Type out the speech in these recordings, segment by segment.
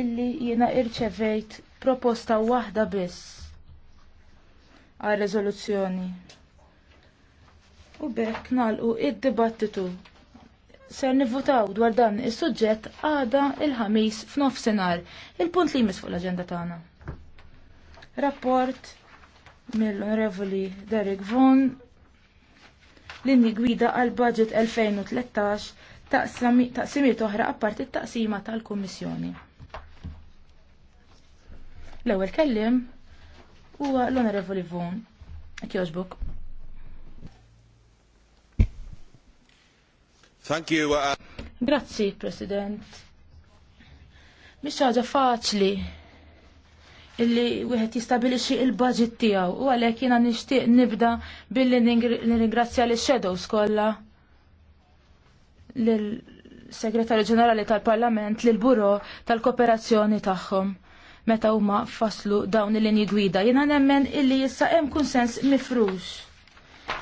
illi jiena irċevejt proposta waħda biss għal rezoluzzjoni. U bekk nalqu id-dibattitu. Ser nivvotaw dwar dan is-suġġett għada il-ħamis f'nofsinhar, il-punt li jmiss fuq l-aġenda tagħna. Rapport mill-Onorevoli Derek Vaughan linji gwida għal budget 2013 taqsimiet oħra apparti t-taqsima tal-Kummissjoni. L-ewwel kellim huwa l-Onorevoli Ivon Kjożbuk. Thank you. Uh... Grazzi, President. Mish ħaġa faċli illi wieħed jistabilixxi il-budget tiegħu u għalhekk jiena nixtieq nibda billi nirringrazzja lix shadows kollha lill segretarju Ġenerali tal-Parlament lil buro tal-Kooperazzjoni tagħhom meta huma faslu dawn il-linji gwida. Jiena nemmen illi issa hemm kunsens mifrux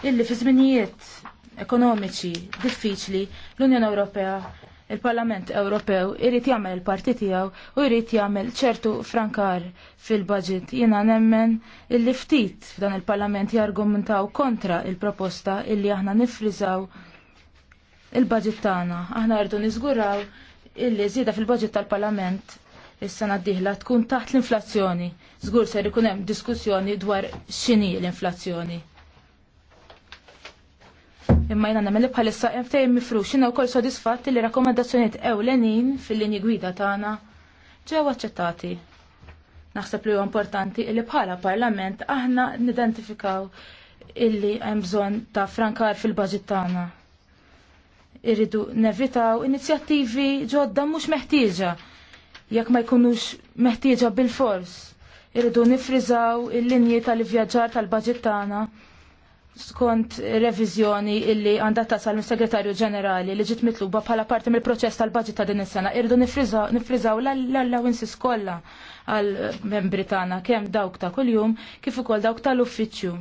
illi fi żminijiet ekonomiċi diffiċli l-Unjoni Ewropea il-Parlament Ewropew irrit jagħmel il-parti tiegħu u irrit jagħmel ċertu frankar fil-budget. Jiena nemmen illi ftit f'dan il-Parlament jargumentaw kontra il-proposta illi aħna nifriżaw il-budget tagħna. Aħna rridu niżguraw illi żieda fil-budget tal-Parlament is-sena d-dieħla tkun taħt l-inflazzjoni. Zgur ser ikun hemm diskussjoni dwar x'inhi l-inflazzjoni. Imma jina nagħmel bħalissa hemm fejn mifrux jiena wkoll sodisfatt li rakkomandazzjonijiet ewlenin fil-linji gwida tagħna ġew aċċettati. Naħseb li huwa importanti li bħala Parlament aħna nidentifikaw illi hemm bżonn ta' frankar fil-baġit tagħna irridu nevitaw inizjattivi ġodda mhux meħtieġa jekk ma jkunux meħtieġa bil-fors. Irridu nifrizaw il-linji tal-vjaġġar tal-baġit tagħna skont reviżjoni illi għandha tasal mis-Segretarju Ġenerali li ġiet mitluba bħala parti mill-proċess tal-baġit ta' din is-sena. Irridu nifriżaw l-allowances kollha għal membri tagħna kemm dawk ta' kuljum kif ukoll dawk tal-uffiċċju.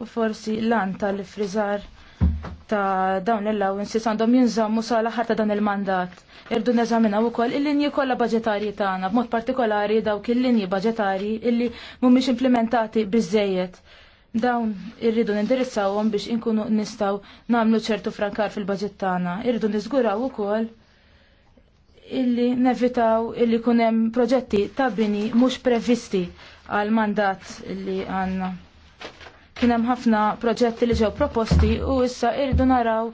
U forsi lan tal-ifriżar ta' dawn il-lawnsis għandhom jinżammu sa' l ta' dan il-mandat. Irdu u ukoll il-linji kollha baġetarji tagħna b'mod partikolari dawk il-linji baġetarji illi mhumiex implementati bizzejiet. Dawn irridu nindirizzawhom biex inkunu nistgħu nagħmlu ċertu frankar fil-baġett tagħna. Irridu niżguraw ukoll illi nevitaw illi kunem proġetti ta' bini mhux previsti għal mandat illi għandna. Kien hemm ħafna proġetti li ġew proposti u issa irdu naraw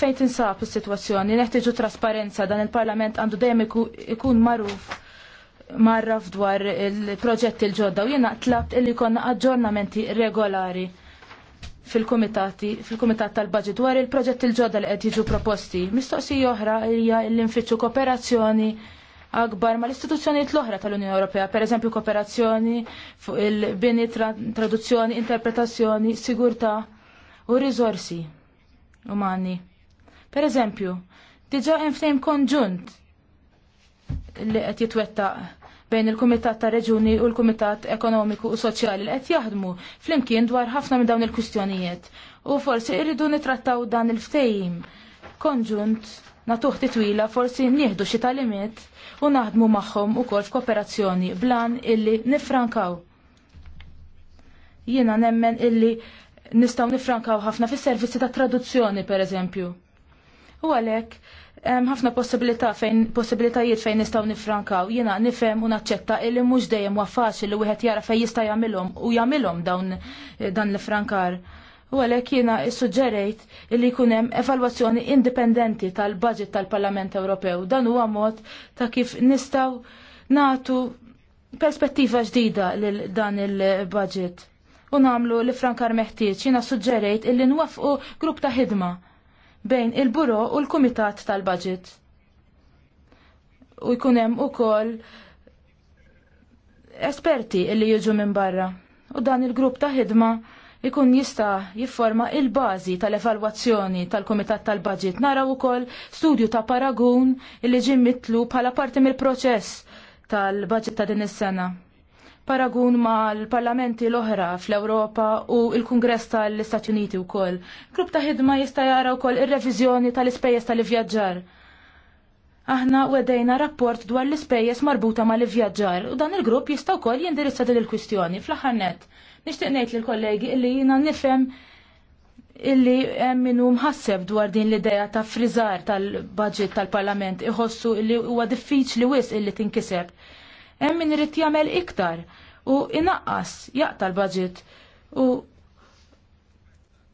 fejn tinsab is-sitwazzjoni. Neħtieġu trasparenza dan il-Parlament għandu dejjem ikun magħruf marraf dwar il-proġetti l-ġodda u jiena tlabt illi konna aġġornamenti regolari fil-komitati, fil-komitat tal-budget dwar il-proġetti l-ġodda li qed jiġu proposti. Mistoqsija oħra hija l-infittxu kooperazzjoni akbar ma l-istituzzjonijiet l-oħra tal-Unjoni Ewropea, per eżempju kooperazzjoni il-bini tra traduzzjoni, interpretazzjoni, sigurtà u rizorsi umani. Per eżempju, diġa hemm konġunt li qed jitwettaq bejn il-Kumitat ta' Reġuni u l-Kumitat Ekonomiku u Soċjali li qed jaħdmu flimkien dwar ħafna minn dawn il-kwistjonijiet u forsi irridu nitrattaw dan il-ftejim konġunt natuħti twila forsi nieħdu xi talimiet u naħdmu magħhom ukoll f'kooperazzjoni blan illi nifrankaw. Jiena nemmen illi nistgħu nifrankaw ħafna fis-servizzi ta' traduzzjoni pereżempju. U għalhekk hemm ħafna possibilità fejn possibilitajiet fejn nistgħu nifrankaw. Jiena nifhem u naċċetta illi mhux dejjem huwa faċli li wieħed jara fejn jista' jagħmilhom u jagħmilhom dawn eh, dan l-ifrankar. U għalhekk jiena suġġerejt li jkun hemm evalwazzjoni indipendenti tal-budget tal-Parlament Ewropew. Dan huwa mod ta' kif nistgħu nagħtu perspettiva ġdida lil dan il-budget. U nagħmlu li frankar meħtieġ jiena suġġerejt li nwafqu grupp ta' ħidma bejn il-Buro u l-Kumitat tal-Budget. U jkun hemm ukoll esperti li jiġu minn barra. U dan il-grupp ta' ħidma ikun jista' jifforma il-bażi tal-evalwazzjoni tal-Kumitat tal-Budget. Naraw ukoll studju ta' paragun li ġie mitlu bħala parti mill-proċess tal-budget ta' din is-sena. Paragun ma' l-parlamenti l-oħra fl-Ewropa u l-Kungress tal-Istati Uniti wkoll. Grupp ta' ħidma jista' jara wkoll ir-reviżjoni tal-ispejjeż tal-ivvjaġġar. Aħna wedejna rapport dwar l-ispejjeż marbuta mal-ivvjaġġar u dan il-grupp jista' wkoll jindirizza din il-kwistjoni fl-aħħar net Nixtieq ngħid lill-kollegi illi jiena nifhem illi minnu mħasseb dwar din l-ideja ta' friżar tal-budget tal-Parlament iħossu illi huwa diffiċli wis illi tinkiseb. Hemm min irid jagħmel iktar u inaqqas jaqta l-budget u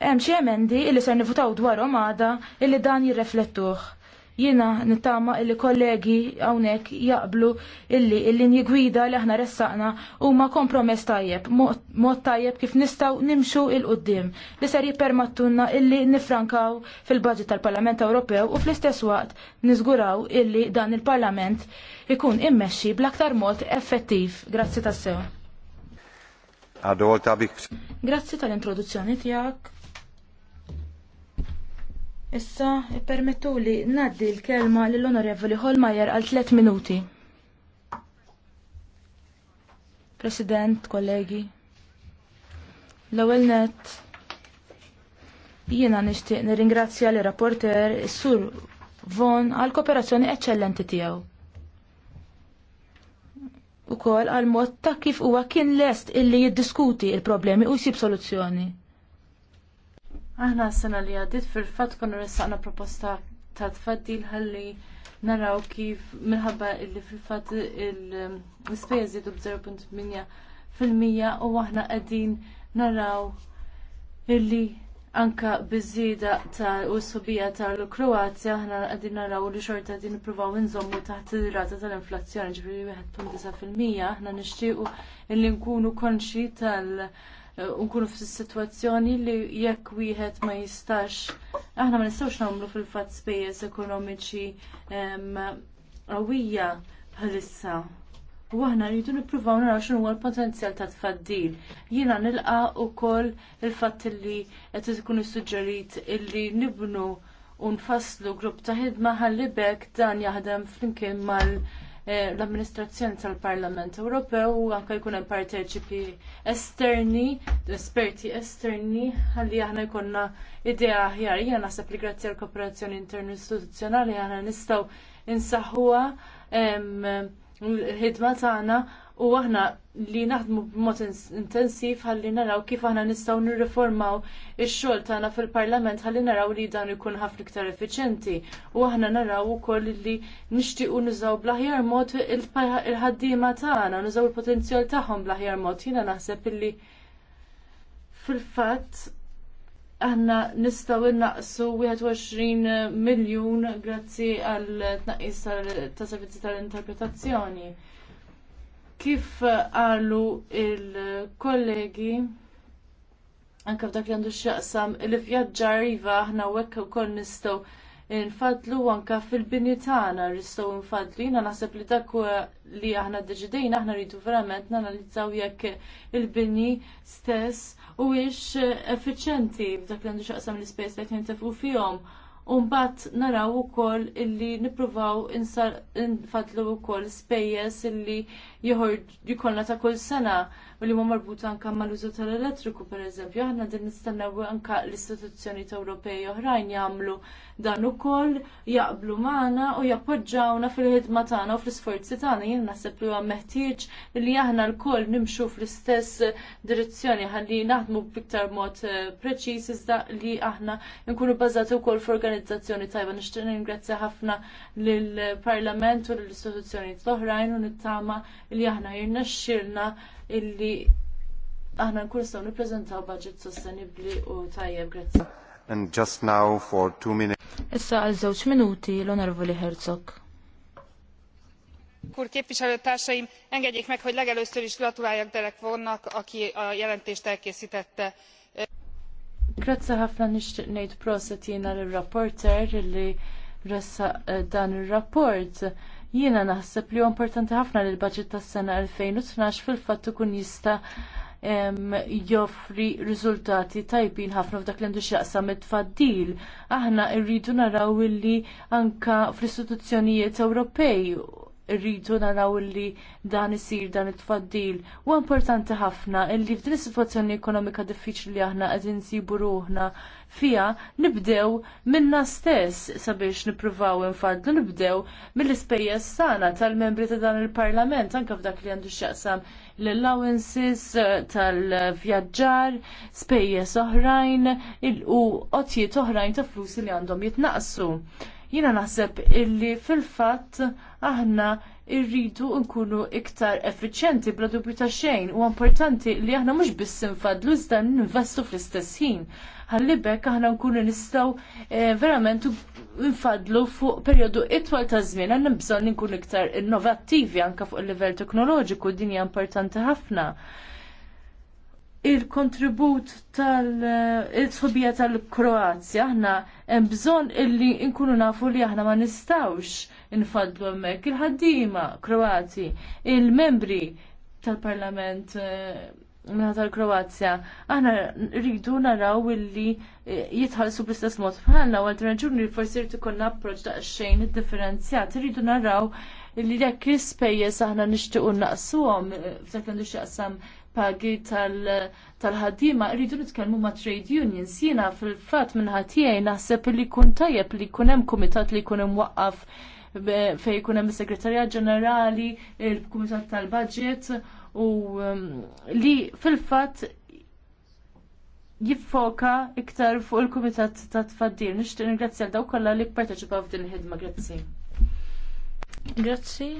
hemm xi emendi illi se nivutaw dwarhom għada illi dan jirreflettuh Jiena nittama illi kollegi hawnhekk jaqblu illi l-linji gwida li aħna ressaqna huma kompromess tajjeb, mod tajjeb kif nistgħu nimxu il qudiem li ser jippermattunna illi nifrankaw fil-budget tal-Parlament Ewropew u fl-istess waqt niżguraw illi dan il-Parlament ikun immexxi bl-aktar mod effettiv. Grazzi tassew. Grazzi tal-introduzzjoni tiegħek. Issa, permettu li naddi l-kelma l-Onorevoli Holmajer għal 3 minuti. President, kollegi, l-ewel net, jiena nishtiq nirringrazzja li rapporter Sur Von għal kooperazzjoni eccellenti tiegħu. kol għal mod ta' kif huwa kien lest illi jiddiskuti il-problemi u jsib soluzzjoni. Aħna s-sena li għaddit fil-fat konna ressaqna proposta ta' tfaddil ħalli naraw kif minħabba illi fil-fat il-spejja zidu b-0.8 fil-mija u aħna qegħdin naraw illi anka biżida ta' u subija l kroazja aħna qegħdin naraw li xorta qegħdin nippruvaw nżommu taħt ir-rata tal-inflazzjoni ġifiri wieħed punt fil-mija aħna nixtiequ illi nkunu konxi tal- Eh, nkunu fis-sitwazzjoni li jekk wieħed ma jistax aħna ma nistgħux nagħmlu fil-fatt spejjeż ekonomiċi qawwija bħalissa. U aħna rridu nippruvaw naraw x'inhu l-potenzjal ta' tfaddil. Jiena nilqa wkoll il-fatt li qed ikun issuġġerit illi nibnu u nfasslu grupp ta' ħidma ħalli bekk dan jaħdem flimkien mal- Eh, l-amministrazzjoni tal-Parlament Ewropew u anke jkun hemm parteċipi esterni, esperti esterni, ħalli aħna jkollna idea aħjar. Jiena naħseb li grazzi għall kooperazzjoni internu istituzzjonali aħna nistgħu insaħħuha l-ħidma tagħna u aħna li naħdmu b'mod intensiv ħalli naraw kif aħna nistgħu nirriformaw ix-xogħol tagħna fil-Parlament ħalli naraw li dan ikun ħafna iktar effiċjenti u aħna naraw ukoll li nixtiequ nużaw bl-aħjar mod il-ħaddiema tagħna, nużaw il-potenzjal tagħhom bl-aħjar mod. Jiena naħseb illi fil-fatt aħna nistgħu innaqsu 21 miljun grazzi għal tnaqqis ta' servizzi tal-interpretazzjoni kif qalu il-kollegi anke f'dak li għandu x'jaqsam li vjaġġar iva aħna hekk ukoll nistgħu nfadlu anke fil-bini tagħna nistgħu nfadlu jiena naħseb li dak li aħna deċidejna aħna rridu verament nanalizzaw jekk il-bini stess u wiex effiċjenti f'dak li għandu x'jaqsam l ispejjeż li qed jintefqu fihom Umbat naraw u koll illi nipruvaw nfadlu u koll spejjes illi jħorġ ta' kull sena u li ma marbuta anke mal-użu tal-elettriku pereżempju. Aħna din nistennew anke l-istituzzjoni Ewropej oħrajn jagħmlu dan ukoll, jaqblu magħna u jappoġġawna fil-ħidma tagħna u fl-isforzi tagħna. Jien naħseb li huwa meħtieġ li aħna lkoll nimxu fl-istess direzzjoni ħalli naħdmu b'iktar mod eh, preċiż iżda li aħna nkunu bbażati wkoll f'organizzazzjoni tajba nixtieq ningrazzja ħafna lill-Parlament u lill istituzzjonijiet l-oħrajn u nittama li aħna jirna xxirna illi aħna nkun nistgħu nippreżentaw budget sostenibbli u tajjeb grazzi. And just now for two minutes. Issa għal żewġ minuti l-Onorevoli Herzog. Kur képviselőtársaim, engedjék meg, hogy legelőször is gratuláljak Derek Vonnak, aki a jelentést elkészítette. Grazzi ħafna nixtieq ngħid proset jiena l-rapporter li ressa eh, dan ir-rapport Jiena naħseb li huwa importanti ħafna li l-budget tas-sena 2012 fil-fatt ikun jista' joffri riżultati tajbin ħafna f'dak li għandu x'jaqsam it-tfaddil. Aħna rridu naraw illi anka fl-istituzzjonijiet Ewropej rridu naraw li dan isir dan it-tfaddil. U importanti ħafna illi f'din is-sitwazzjoni ekonomika diffiċli li aħna qegħdin nsibu ruħna fija nibdew minna stess sabiex nippruvaw infadlu nibdew mill-ispejjeż tagħna tal-membri ta' dan il-Parlament anke f'dak li għandu x'jaqsam l-allowances eh, tal-vjaġġar, spejjeż oħrajn il-qu qotjiet oħrajn ta' flus li għandhom jitnaqsu. Jiena naħseb illi fil-fatt aħna irridu nkunu iktar effiċjenti bla dubju ta' xejn u importanti li aħna mhux biss infadlu iżda ninvestu fl-istess ħin. Ħallibek aħna nkunu nistgħu eh, verament nfadlu fuq perjodu itwal ta' żmien għandna bżonn nkunu iktar innovattivi anke fuq il-livell teknoloġiku din hija importanti ħafna il-kontribut tal-sħobija eh, tal-Kroazja, aħna hemm bżonn illi nkunu nafu li aħna ma nistawx infadlu hemmhekk il-ħaddiema Kroati, il-membri tal-Parlament eh, minna tal-Kroazja, aħna rridu naraw illi eh, jitħallsu bl-istess mod bħalna u għal-raġuni forsi rrid ikollna approċċ daqsxejn differenzjat, rridu naraw li jekk il spejjes aħna nixtiequ naqsuhom f'dak li nixtieq pagi tal-ħaddima tal rridu nitkellmu ma' trade unions. Jiena fil-fatt minnħatijaj naħseb li kun tajjeb li kun hemm kumitat li kun hemm waqaf fejn kun hemm is-Segretarja Ġenerali, il-Kumitat tal-Budget u um, li fil-fatt jiffoka iktar fuq il-Kumitat ta' Tfaddil. Nixtieq ningrazzja daw kollha li pparteċipaw f'din il-ħidma. Grazzi. Grazzi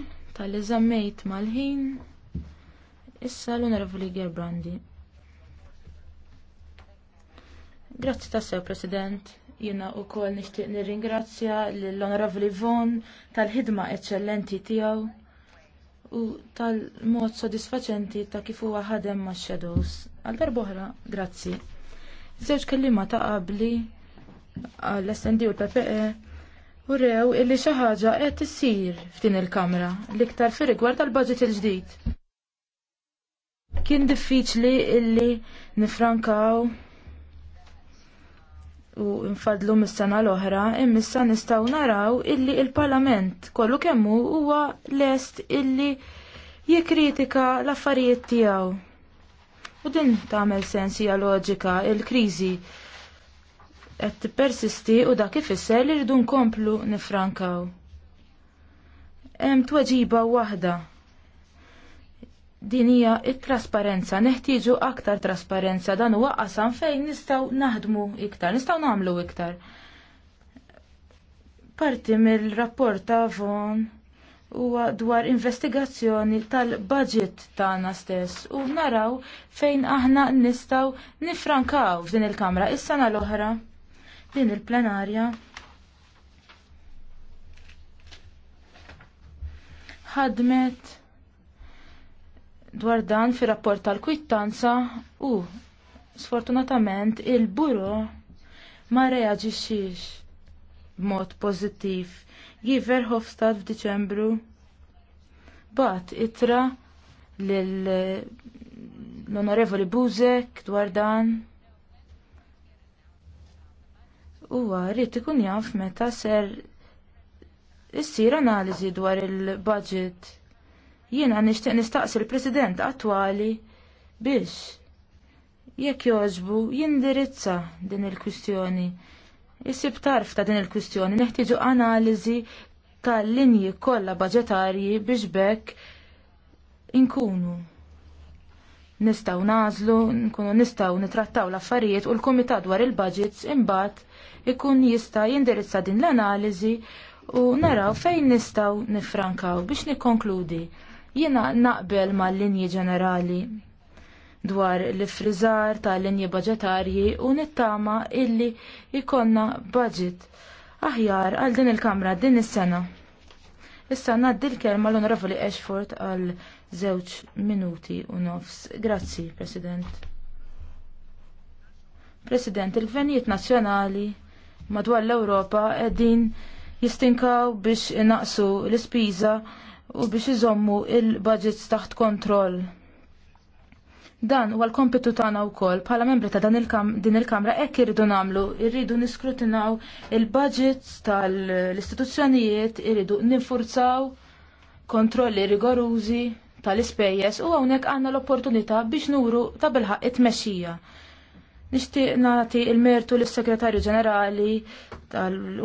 tal iżammejt mal-ħin. Issa l-Onorevoli Gerbrandi. Grazzi tassew, President. Jina u kol nishtiq nir-ringrazzja l-Onorevoli Von tal-ħidma eccellenti tijaw u tal-mod sodisfaċenti ta' kif huwa ħadem ma' Shadows. Għal darboħra, grazzi. Żewġ kellima ta' qabli għall-SND u l-PPE u rew illi xi ħaġa qed issir f'din il-Kamra l-iktar fi rigward tal-budget il-ġdid. Kien diffiċli illi nifrankaw u nfadlu mis-sena l-oħra, imissa nistgħu naraw illi il-Parlament kollu kemm hu huwa lest illi jikkritika l-affarijiet tiegħu. U din tagħmel sens hija loġika il-kriżi qed tippersisti u dak ifisser li rridu nkomplu nifrankaw. Hemm tweġiba waħda Din hija it-trasparenza, neħtieġu aktar trasparenza dan huwa qasam fejn nistgħu naħdmu iktar, nistgħu nagħmlu iktar. Parti mill-rapport ta' Von huwa dwar investigazzjoni tal-budget tagħna stess u naraw fejn aħna nistgħu nifrankaw f'din il-kamra is-sena l-oħra din il-plenarja. Ħadmet dwar dan fir rapport tal-kwittanza u sfortunatament il-buro ma reaġixxiex b'mod pożittiv. Giver Hofstad f'Diċembru bat itra l-onorevoli Buzek dwar dan. u għarrit ikun jaf meta ser issir analiżi dwar il-budget Jiena nixtieq nistaqsi l-President attwali biex jekk jogħġbu jindirizza din il-kwistjoni. Issib tarf ta' din il-kwistjoni neħtieġu analiżi tal-linji kollha baġetarji biex bekk inkunu nistaw nażlu, nkunu nistaw nitrattaw l-affarijiet u l-Kumitat dwar il-budgets imbagħad ikun jista' jindirizza din l-analiżi u naraw fejn nistaw nifrankaw biex nikkonkludi. Jiena naqbel mal-linji ġenerali dwar l-frizar ta' linji budgetarji u nittama illi ikonna budget aħjar għal din il-kamra din is-sena. Issa naddi l-kelma l-Onorevoli Ashford għal żewġ minuti u nofs. Grazzi, President. President, il-gvernijiet nazzjonali madwar l-Ewropa qegħdin jistinkaw biex inaqsu l-ispiża u biex iżommu il-budgets taħt kontroll. Dan huwa l-kompitu tagħna wkoll bħala membri ta' dan il-kam din il-kamra hekk irridu nagħmlu, irridu niskrutinaw il-budgets tal-istituzzjonijiet, irridu ninfurzaw kontrolli rigorużi tal-ispejjeż u hawnhekk għandna l-opportunità biex nuru ta' bilħaq it-mexxija. Nixtieq nagħti l-mertu lis-Segretarju Ġenerali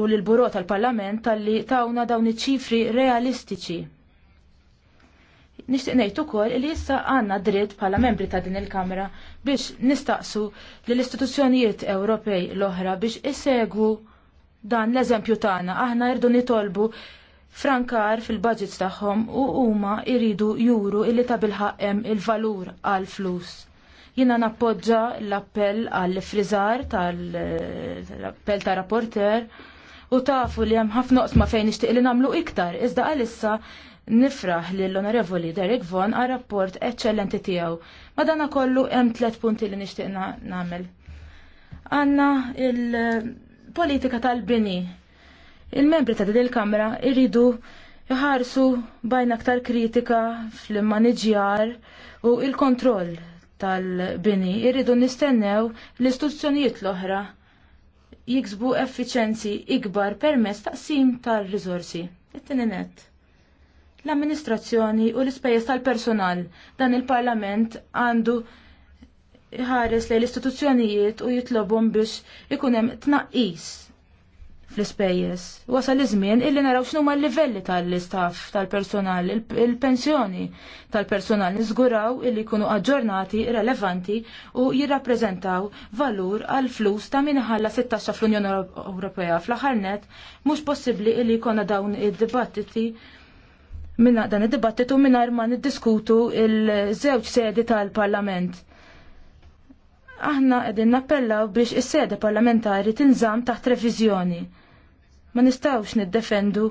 u l-Buro tal-Parlament talli tawna dawn iċ-ċifri realistiċi Nixtieq ngħid ukoll li issa għandna dritt bħala membri ta' din il-Kamra biex nistaqsu lill istituzzjonijiet Ewropej l-oħra biex isegwu dan l-eżempju tagħna. Aħna rridu nitolbu frankar fil-budgets tagħhom u huma jridu juru illi ta' bilħaqem il-valur għal flus. Jina nappoġġa l-appell għall frizar tal-appell ta' rapporter u tafu li hemm ħafna oqsma fejn nixtieq li nagħmlu iktar iżda għalissa Nifraħ li l-Onorevoli Derek Von għal rapport eccellenti tiegħu. Madana kollu hemm tliet punti li nixtieq nagħmel. Għanna il-politika tal-bini. Il-membri ta' din il-Kamra irridu jħarsu bajn aktar kritika fl-maniġjar u il-kontroll tal-bini. Irridu nistennew l-istituzzjonijiet l-oħra jiksbu effiċenzi ikbar permezz taqsim tal-riżorsi. it net l-amministrazzjoni u l-ispejjeż tal-personal. Dan il-Parlament għandu ħares lejn l-istituzzjonijiet u jitlobhom biex ikun hemm tnaqqis fl-ispejjeż. Wasal iż-żmien illi naraw ma l-livelli tal-istaff tal-personal, il-pensjoni tal-personal niżguraw illi jkunu aġġornati, relevanti u jirrappreżentaw valur għal flus ta' min ħalla 16 fl-Unjoni Ewropea fl-aħħar net mhux possibbli illi jkollna dawn id-dibattiti il minna dan id-dibattitu minna ma niddiskutu il-żewġ sedi tal-parlament. Aħna qegħdin nappellaw biex is-sede parlamentari tinżam taħt reviżjoni. Ma nistawx niddefendu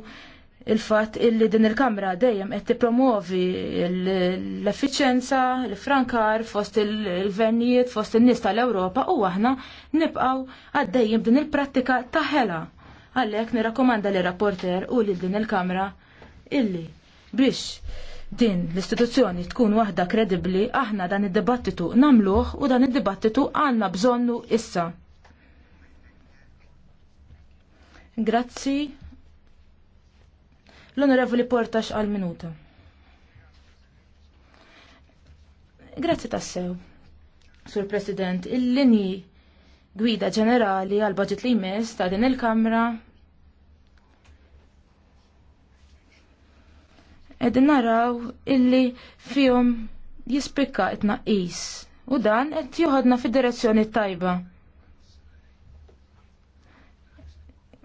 il-fatt illi din il-Kamra dejjem qed tippromuovi l-effiċenza, l-frankar fost il vernijiet fost in-nies tal-Ewropa u aħna nibqgħu għaddejjem din il-prattika taħela. Għalhekk nirrakkomanda li rapporter u lil din il-Kamra illi Biex din l-istituzzjoni tkun waħda kredibli, aħna dan id-dibattitu namluħ u dan id-dibattitu għanna bżonnu issa. Grazzi. L-Onorevoli Portax għal-minuta. Grazzi tassew, Sur President, il-linji gwida ġenerali għal budget li jmiss ta' din il-Kamra edin naraw illi fihom jispikka it is u dan qed joħodna fid-direzzjoni tajba.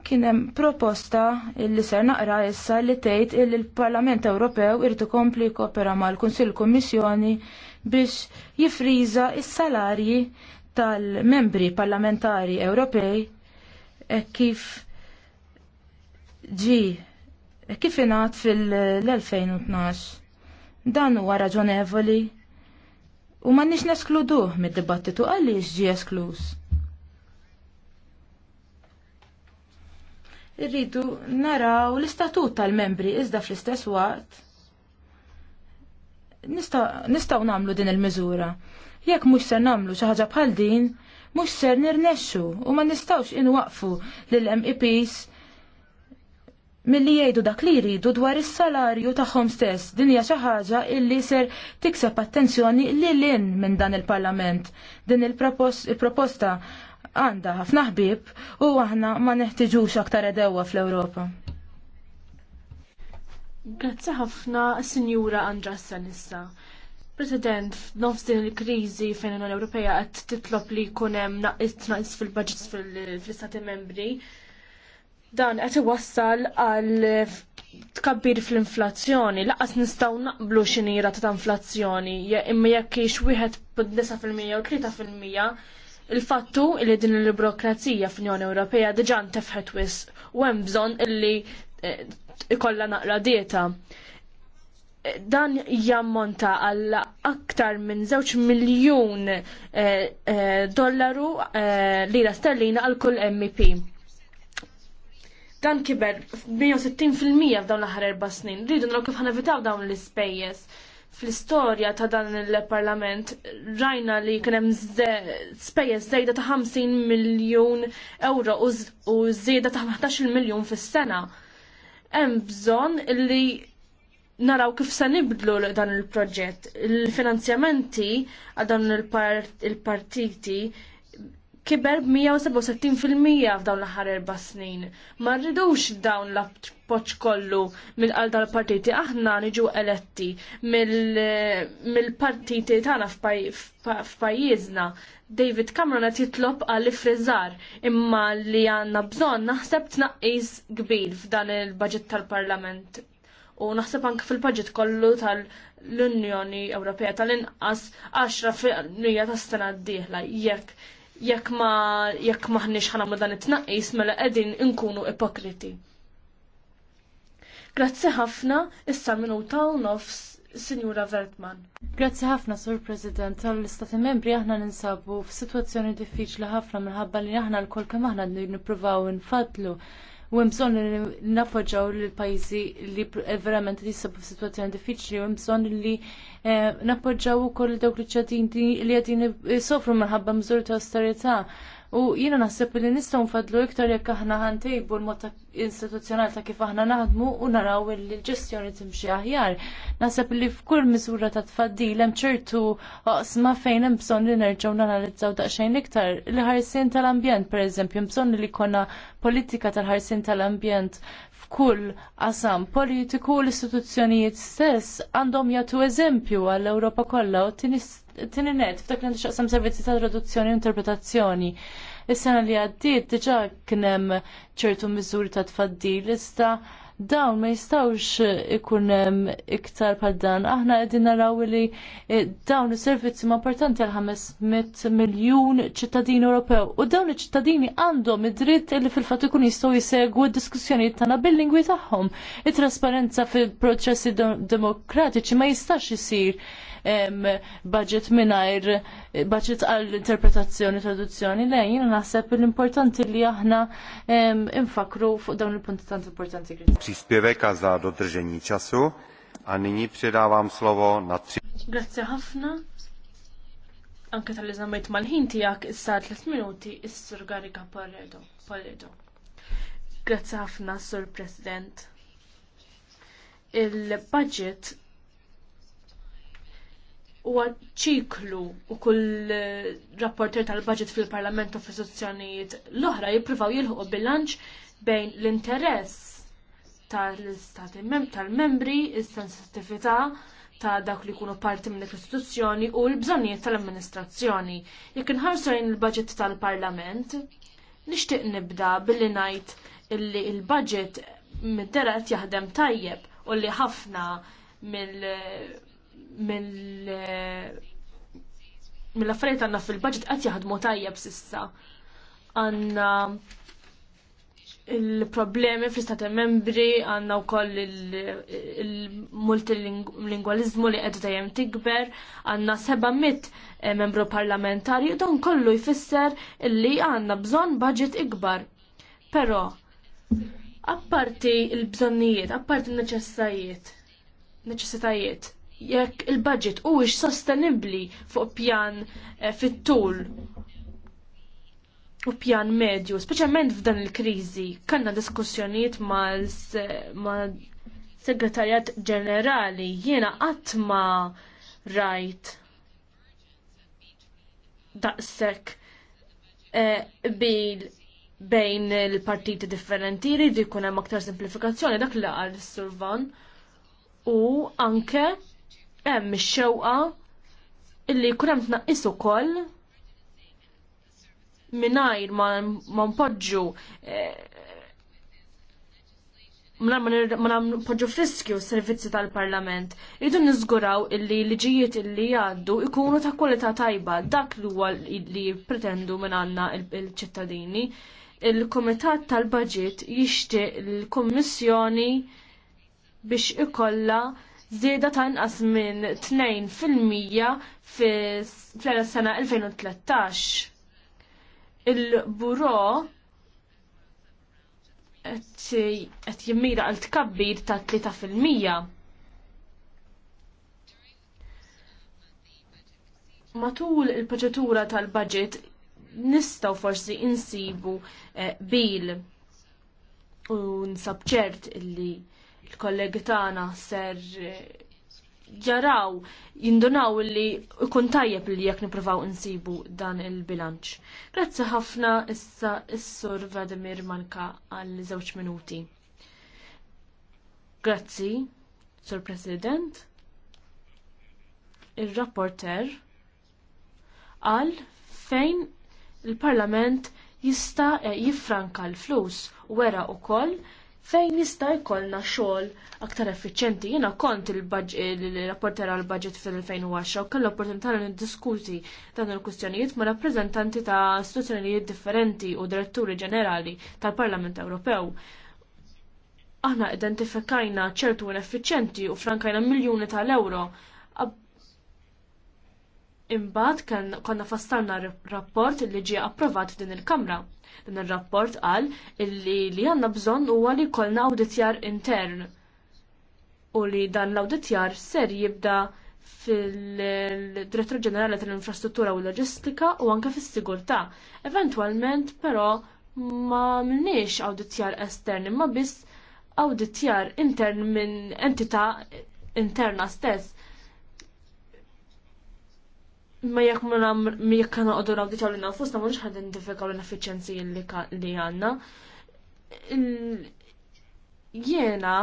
Kien hemm proposta illi ser naqra issa li tgħid illi l-Parlament Ewropew irid ikompli jkopera mal-Kunsill Kummissjoni biex jifriża il salarji tal-membri parlamentari Ewropej e kif ġi kif ingħad fil-2012. Dan huwa raġonevoli u m'għandniex neskluduh mid-dibattitu għaliex ġie esklus. Irridu naraw l-istatut tal-membri iżda fl-istess waqt nistaw namlu din il-miżura. Jekk mhux ser namlu xi ħaġa bħal din, mhux ser nirnexxu u ma nistawx inwaqfu lill MEPs milli jgħidu dak li jridu dwar is-salarju tagħhom stess. Din hija xi ħaġa illi ser tikseb attenzjoni lil lin minn dan il-Parlament. Din il-proposta għandha ħafna ħbieb u aħna ma neħtiġux aktar edewa fl-Ewropa. Grazzi ħafna Sinjura Andrassa issa. President, f'nofs din il-kriżi fejn l-Ewropea qed titlob li jkun hemm naqis fil-budgets fl-Istati Membri, Dan qed iwassal għal tkabbir fl-inflazzjoni, laqas nistgħu naqblu xinira ta' inflazzjoni, imma jekk kiex wieħed fil-mija u 3% il-fattu li din il-burokrazija fl-Unjoni Ewropea diġà ntefħet wis u hemm bżonn illi eh, ikollha naqra dieta. Dan jammonta għal aktar minn żewġ miljun eh, eh, dollaru lira sterlina għal kull MEP dan kiber 160% f'dawn l-aħħar erba' snin. Rridu nraw kif ħanevitaw dawn l-ispejjeż. Fl-istorja ta' dan il-Parlament rajna li kien hemm spejjeż żejda ta' 50 miljun euro u żejda ta' 15 miljun fis-sena. Hemm bżonn li naraw kif se nibdlu dan il-proġett. Il-finanzjamenti għal dan il-partiti il partiti kiber b-167% f'dawn l-aħħar erba' snin. Ma rridux dawn l-appoġġ kollu mill-qal tal-partiti aħna niġu eletti mill-partiti tagħna f'pajjiżna. David Cameron qed jitlob għal friżar imma li għandna bżonn naħseb tnaqqis kbir f'dan il-baġit tal-Parlament u naħseb anke fil-budget kollu tal-Unjoni Ewropea tal-inqas 10 fil-mija tas-sena d-dieħla jekk jekk ma jekk maħniex ma dan it-tnaqqis mela qegħdin inkunu ipokriti. Grazzi ħafna, issa minuta u nofs Sinjura Vertman. Grazzi ħafna, Sur President, tal-Istati Membri aħna ninsabu f'sitwazzjoni diffiċli ħafna minħabba li aħna l-kol kemm aħna nippruvaw nfadlu U hemm bżonn li nappoġġaw lill-pajjiżi li eh, verament jisabu f'sitwazzjoni diffiċli u hemm bżonn li eh, nappoġġaw ukoll dawk li ċatinti li qegħdin eh, sofru minħabba mżur ta' austerità. U jiena naħseb li nistgħu nfadlu iktar jekk aħna ħantejbu l-mod istituzzjonali ta' kif aħna naħdmu u naraw li l-ġestjoni timxi aħjar. Naħseb li f'kull miżura ta' tfaddil hemm ċertu oqsma fejn hemm bżonn li nerġgħu nanalizzaw daqsxejn iktar. Il-ħarsien tal-ambjent pereżempju, bżonn li jkollna politika tal-ħarsien tal-ambjent f'kull qasam politiku l-istituzzjonijiet stess għandhom jagħtu eżempju għall-Ewropa kollha u tinist Tini net, f'dak li xaqsam servizzi ta' traduzzjoni u interpretazzjoni. Is-sena li għaddiet diġà kien hemm ċertu miżuri ta' tfaddil iżda dawn ma jistawx ikun iktar bħal dan. Aħna qegħdin naraw li eh, dawn is-servizzi ma importanti għal 500 miljun ċittadin Ewropew. U dawn iċ-ċittadini għandhom id-dritt li fil-fatt ikun jistgħu jsegwu diskussjoni diskussjonijiet tagħna bil-lingwi tagħhom. it trasparenza fil-proċessi demokratiċi ma jistax isir budget minajr budget għall interpretazzjoni traduzzjoni le jiena naħseb l-importanti li aħna infakru fuq dawn il-punti tant importanti. Příspěvek a za dodržení času a nyní slovo na tři. Grazie ħafna. Anke tal-eżamajt mal-ħin tijak issa 3 minuti is-sur Garika Paledo. Grazie ħafna, Sur President. Il-budget huwa ċiklu u kull eh, rapporter tal-budget fil-Parlament u fl sozzjonijiet l-oħra jippruvaw jilħu bilanċ bejn l-interess tal-istati tal-membri, is-sensittività ta' dak li jkunu parti minn l-istituzzjoni u l-bżonnijiet tal-amministrazzjoni. Jekk nħarsu għajn il-budget tal-Parlament, nixtieq nibda billi ngħid illi il-budget mid-dera jaħdem tajjeb u li ħafna mill mill eh, affarijiet għandna fil-budget qed jaħdmu tajjeb sissa. Għandna il-problemi fl istat membri għandna wkoll il-multilingualizmu li qed dejjem tikber, għandna mit eh, membru parlamentari, dan kollu jfisser li għandna bżonn budget ikbar. Però apparti il-bżonnijiet, apparti il-neċessajiet, neċessitajiet, jekk il-budget huwiex sostenibbli fuq pjan eh, fit-tul u pjan medju, speċjalment f'dan il-kriżi. Kanna diskussjonijiet mal segretarjat ġenerali jiena qatt ma rajt daqshekk eh, bil bejn il-partiti differenti jrid jkun hemm aktar simplifikazzjoni dak li qal Survan u anke hemm ix-xewqa illi jkun hemm tnaqqis ukoll mingħajr ma npoġġu eh, ma npoġġu friskju s-servizzi tal-Parlament. Idu niżguraw illi liġijiet illi jgħaddu ikunu ta' kwalità tajba dak li huwa li pretendu minn għandna il-ċittadini. Il-Kumitat tal-Baġit jixtieq il-Kummissjoni biex ikollha Zieda ta' inqas minn 2% fl-sena 2013. Il-buro qed jimmira għal tkabbir ta' 3%. Matul il proċetura tal-budget nistaw forsi insibu eh, bil u nsabċert illi kollegi tagħna ser ġaraw, eh, jindunaw li ikun tajjeb li jekk nipruvaw insibu dan il-bilanċ. Grazzi ħafna issa s-sur Vladimir Manka għal żewġ minuti. Grazzi, Sur President, il-rapporter għal fejn il-Parlament jista' eh, jiffranka l-flus wera u koll fejn jista' jkollna xogħol aktar effiċjenti. Jiena kont il-rapporter għal budget fil-2010 u kell opportunità li niddiskuti dan il-kwistjonijiet ma' rappreżentanti ta' istituzzjonijiet differenti u diretturi ġenerali tal-Parlament Ewropew. Aħna identifikajna ċertu ineffiċjenti u frankajna miljuni tal-euro Imbagħad konna fastarna rapport li ġie approvat f'din il-Kamra. Din ir-rapport qal illi li għandna bżonn huwa li kollna awditjar intern u li dan l-awditjar ser jibda fil-Direttur Ġenerali tal-Infrastruttura u Loġistika u anke fis-Sigurtà. Eventwalment però ma mniex awditjar estern imma biss awditjar intern minn entità interna stess Ma jekk ma jekk kana qodu nawditaw li nafusna ma ħad identifikaw l-ineffiċenzi li għanna. Jena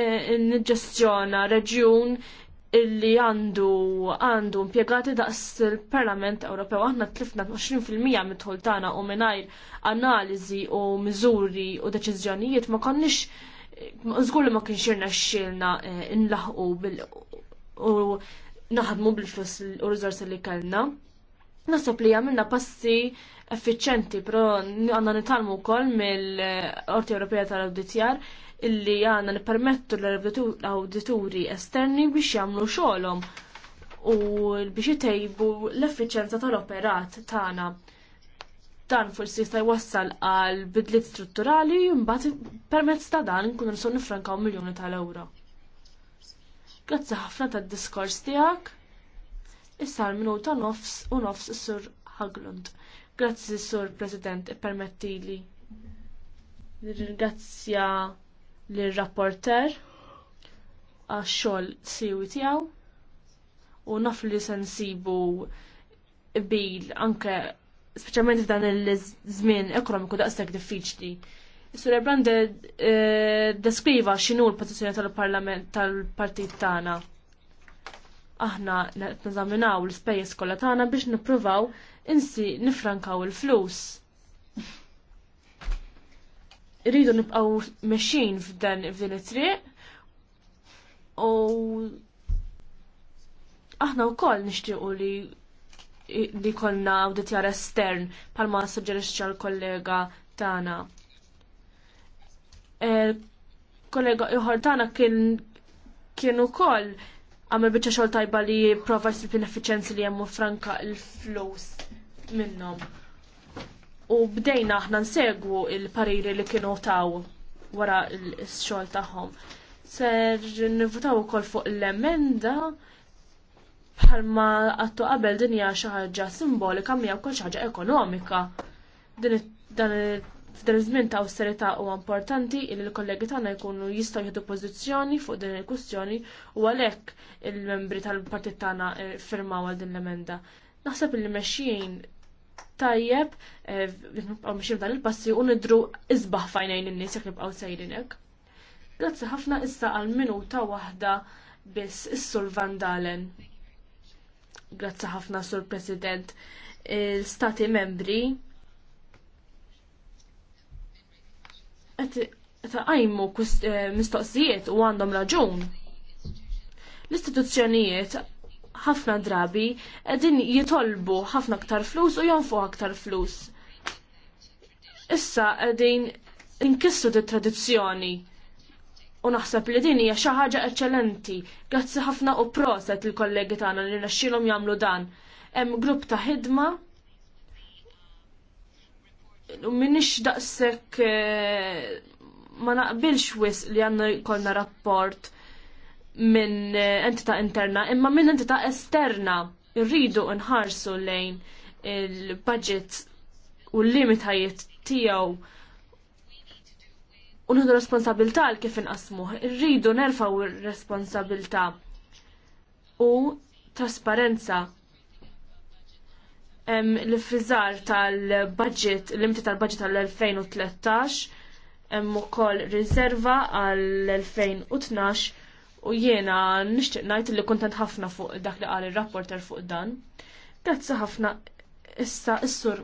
eh, nġestjona reġjun illi għandu għandu impjegati daqs il-Parlament Ewropew aħna tlifna 20% mitħol tagħna u mingħajr analiżi u miżuri u deċiżjonijiet ma konniex żgur li ma kienx irna xxilna eh, nlaħqu bil naħdmu bil-flus u rizorsi li kellna. Nasab li għamilna passi effiċenti, pro għanna nitalmu kol mill-Orti Ewropea tal-Auditjar illi għanna nipermettu l-audituri esterni biex jagħmlu xogħolhom u biex jitejbu l-effiċenza tal-operat tagħna. Dan forsi jista' jwassal għal bidliet strutturali u mbagħad permezz ta' dan nkunu nsu nifrankaw miljuni tal-ewro. Grazzi ħafna tad-diskors tiegħek. Issa l-minuta nofs u nofs sur Haglund. Grazzi sur President ippermettili. Nirringrazzja l-rapporter għax-xogħol siwi tiegħu u naf li sensibu bil anke speċjalment f'dan il-żmien ekonomiku daqshekk diffiċli. Sura Brande eh, deskriva x'inhu l-pożizzjoni tal-Parlament tal-Partit tagħna. Aħna qed l-ispejjeż kollha tagħna biex nippruvaw insi nifrankaw il-flus. Irridu nibqgħu mexxin f'dan f'din it-triq u aħna wkoll nixtiequ li li konna auditjar estern palma suġġerixxa l-kollega tagħna kollega iħor tagħna kien kien ukoll għamel biċċa xogħol tajba li jipprova jsib l li hemm franka l-flus minnhom. U bdejna aħna nsegwu il-pariri li kienu taw wara l-xogħol tagħhom. Ser nivutaw ukoll fuq l-emenda bħalma għattu qabel din hija xi ħaġa simbolika mija wkoll xi ħaġa ekonomika. Din F'dan iż-żmien ta' awsterità huwa importanti li l-kollegi tagħna jkunu jistgħu jieħdu pożizzjoni fuq din il-kwistjoni u għalhekk il-membri tal-partit tagħna eh, firmaw għal din l-emenda. Naħseb li mexjin tajjeb eh, nibqgħu mexjin dan il-passi u nidru isbaħ fajnejn in-nies jekk nibqgħu sejrin hekk. Grazzi ħafna issa għal minuta waħda biss is-Sur Vandalen. Grazzi ħafna Sur President. Il-Stati membri ta' għajmu eh, mistoqsijiet u għandhom raġun. L-istituzzjonijiet ħafna drabi qegħdin jitolbu ħafna aktar flus u jonfu aktar flus. Issa qegħdin inkissu di tradizzjoni u naħseb li din hija xi ħaġa eċċellenti. Grazzi ħafna u proset il-kollegi tagħna li naxxilhom jagħmlu dan. Hemm grupp ta' ħidma Minix daqsek eh, ma naqbilx wis li għanna kolna rapport minn eh, entita' interna, imma minn entita' esterna rridu nħarsu lejn il-budget u l-limitajiet tijaw u nħdu responsabilta għal kif inqasmu. Rridu nerfaw responsabilta u trasparenza l-fizzar tal-budget, l-imti tal-budget tal-2013, hemm ukoll riserva għal-2012 u jiena nixtieq ngħid li kuntent ħafna fuq dak li qal ir-rapporter fuq dan. Grazzi ħafna issa is-sur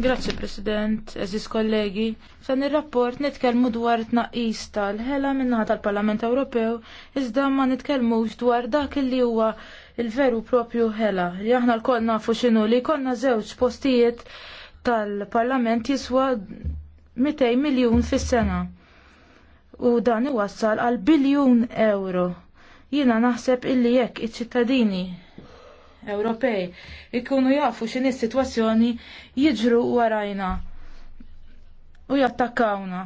Grazzi President, eżis kollegi. F'dan ir-rapport nitkellmu dwar tnaqis tal-ħela minnaħa tal-Parlament Ewropew, iżda ma nitkellmux dwar dak li huwa il-veru propju ħela li aħna l-koll nafu xinu li konna żewġ postijiet tal-parlament jiswa 200 miljun fis-sena. U dan iwassal għal biljun euro. Jiena naħseb illi jekk iċ-ċittadini Ewropej ikunu jafu x'in is sitwazzjoni jiġru warajna u jattakkawna.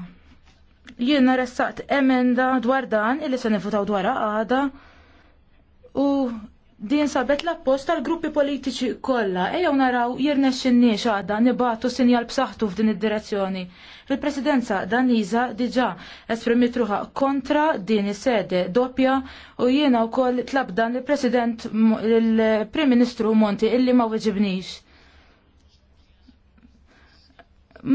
Jiena ressaqt emenda dwar dan illi se nifutaw dwar għada u Din sabet l-appost tal-gruppi politiċi kollha ejjew naraw jirnexxinniex għadha nibatu sinjal b'saħħtu f'din id-direzzjoni. Il-Presidenza Daniża diġà esprimit kontra din is-sede doppja u jiena wkoll tlab dan il-President il-Prim Ministru Monti illi ma weġibnix.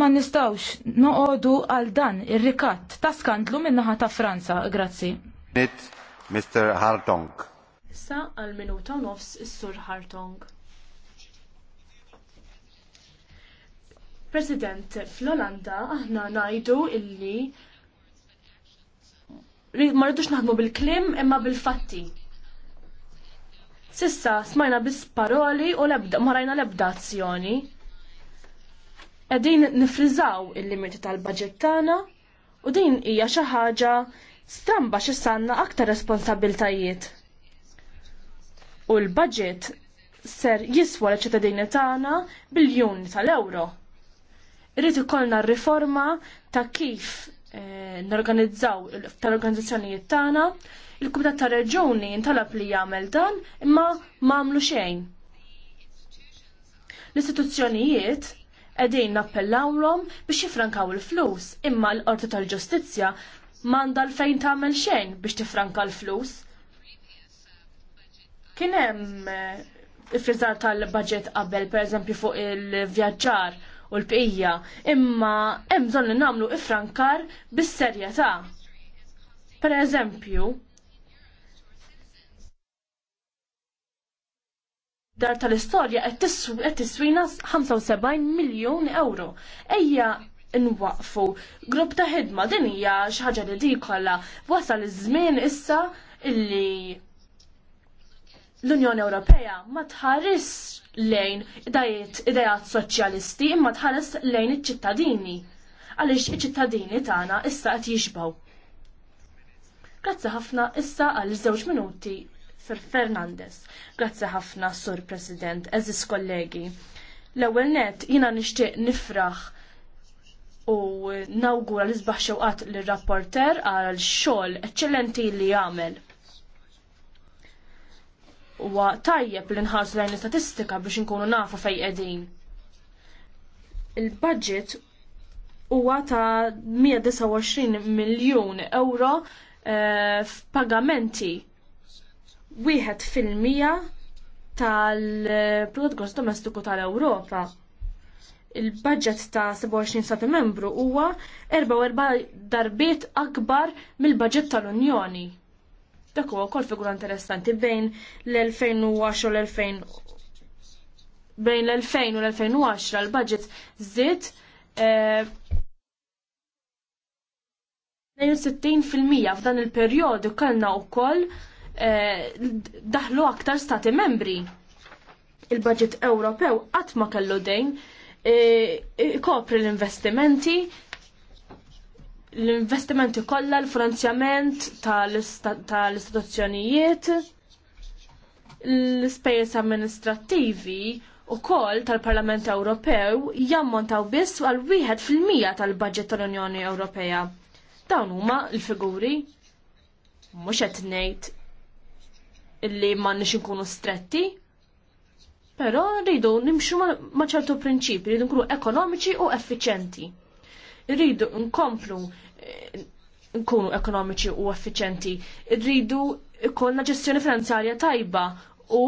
Ma nistawx noqogħdu għal dan ir rikat ta' skandlu min-naħa ta' Franza, grazzi. Mr. Hartong. Issa għal minuta u nofs is-sur Hartong. President, fl-Olanda aħna najdu illi marridux naħdmu bil-klim imma bil-fatti. Sissa smajna biss paroli u lebda, marajna lebda azzjoni. Qegħdin nifrizaw il-limiti tal-budget tagħna u din hija xi ħaġa stramba x'issanna aktar responsabiltajiet u l-budget ser jiswa l-ċittadini tagħna biljuni tal-euro. Irrid ikollna riforma ta' kif eh, norganizzaw tal-organizzazzjonijiet tagħna, il-Kumitat ta' Reġuni intalab li jagħmel dan imma m'għamlu xejn. L-istituzzjonijiet qegħdin nappellawhom biex jifrankaw il-flus, imma l-Qorti tal-Ġustizzja m'għandha l fejn tagħmel xejn biex tifranka l-flus Kien hemm eh, ifriżar tal-budget qabel pereżempju fuq il-vjaġġar u l-bqija, imma hemm bżonn li nagħmlu ifrankar bis-serjetà. Pereżempju, dar tal-istorja qed tiswina 75 miljun euro. Ejja nwaqfu grupp ta' ħidma din hija xi ħaġa li di kollha wasal iż-żmien issa illi l-Unjoni Ewropea ma tħares lejn idejat idejat soċjalisti imma tħares lejn iċ-ċittadini għaliex iċ-ċittadini tagħna issa qed jixbaw. Grazzi ħafna issa għal żewġ minuti Sir Fernandez. Grazzi ħafna Sur President, eżis kollegi. L-ewwel net jiena nixtieq nifraħ u nawgura l-isbaħ xewqat l-rapporter għal xogħol eċċellenti li jagħmel huwa tajjeb li nħarsu lejn l-istatistika biex inkunu nafu fejn qegħdin. Il-budget huwa ta' 129 miljun euro eh, f'pagamenti wieħed fil-mija tal-prodott gross domestiku tal-Ewropa. Il-budget ta' 27 stati membru huwa 44 darbiet akbar mill-budget tal-Unjoni. Dak huwa wkoll figura interessanti bejn l-2010 u l-2000 bejn l-2000 u l-2010 l-budget żied 62% eh, f'dan il-perjodu kellna wkoll eh, daħlu aktar stati membri. Il-budget Ewropew qatt ma kellu dejn eh, ikopri l-investimenti, l-investimenti kollha, l-finanzjament tal-istituzzjonijiet, l-ispejjeż amministrattivi u tal-Parlament Ewropew jammontaw biss għal wieħed fil-mija tal-budget tal-Unjoni Ewropea. Dawn huma l-figuri mhux qed ngħid illi m'għandniex inkunu stretti, però rridu nimxu ma' ċertu prinċipi, rridu nkunu ekonomiċi u effiċenti. Irridu nkomplu eh, nkunu ekonomiċi u effiċenti. rridu ikollna ġestjoni finanzarja tajba u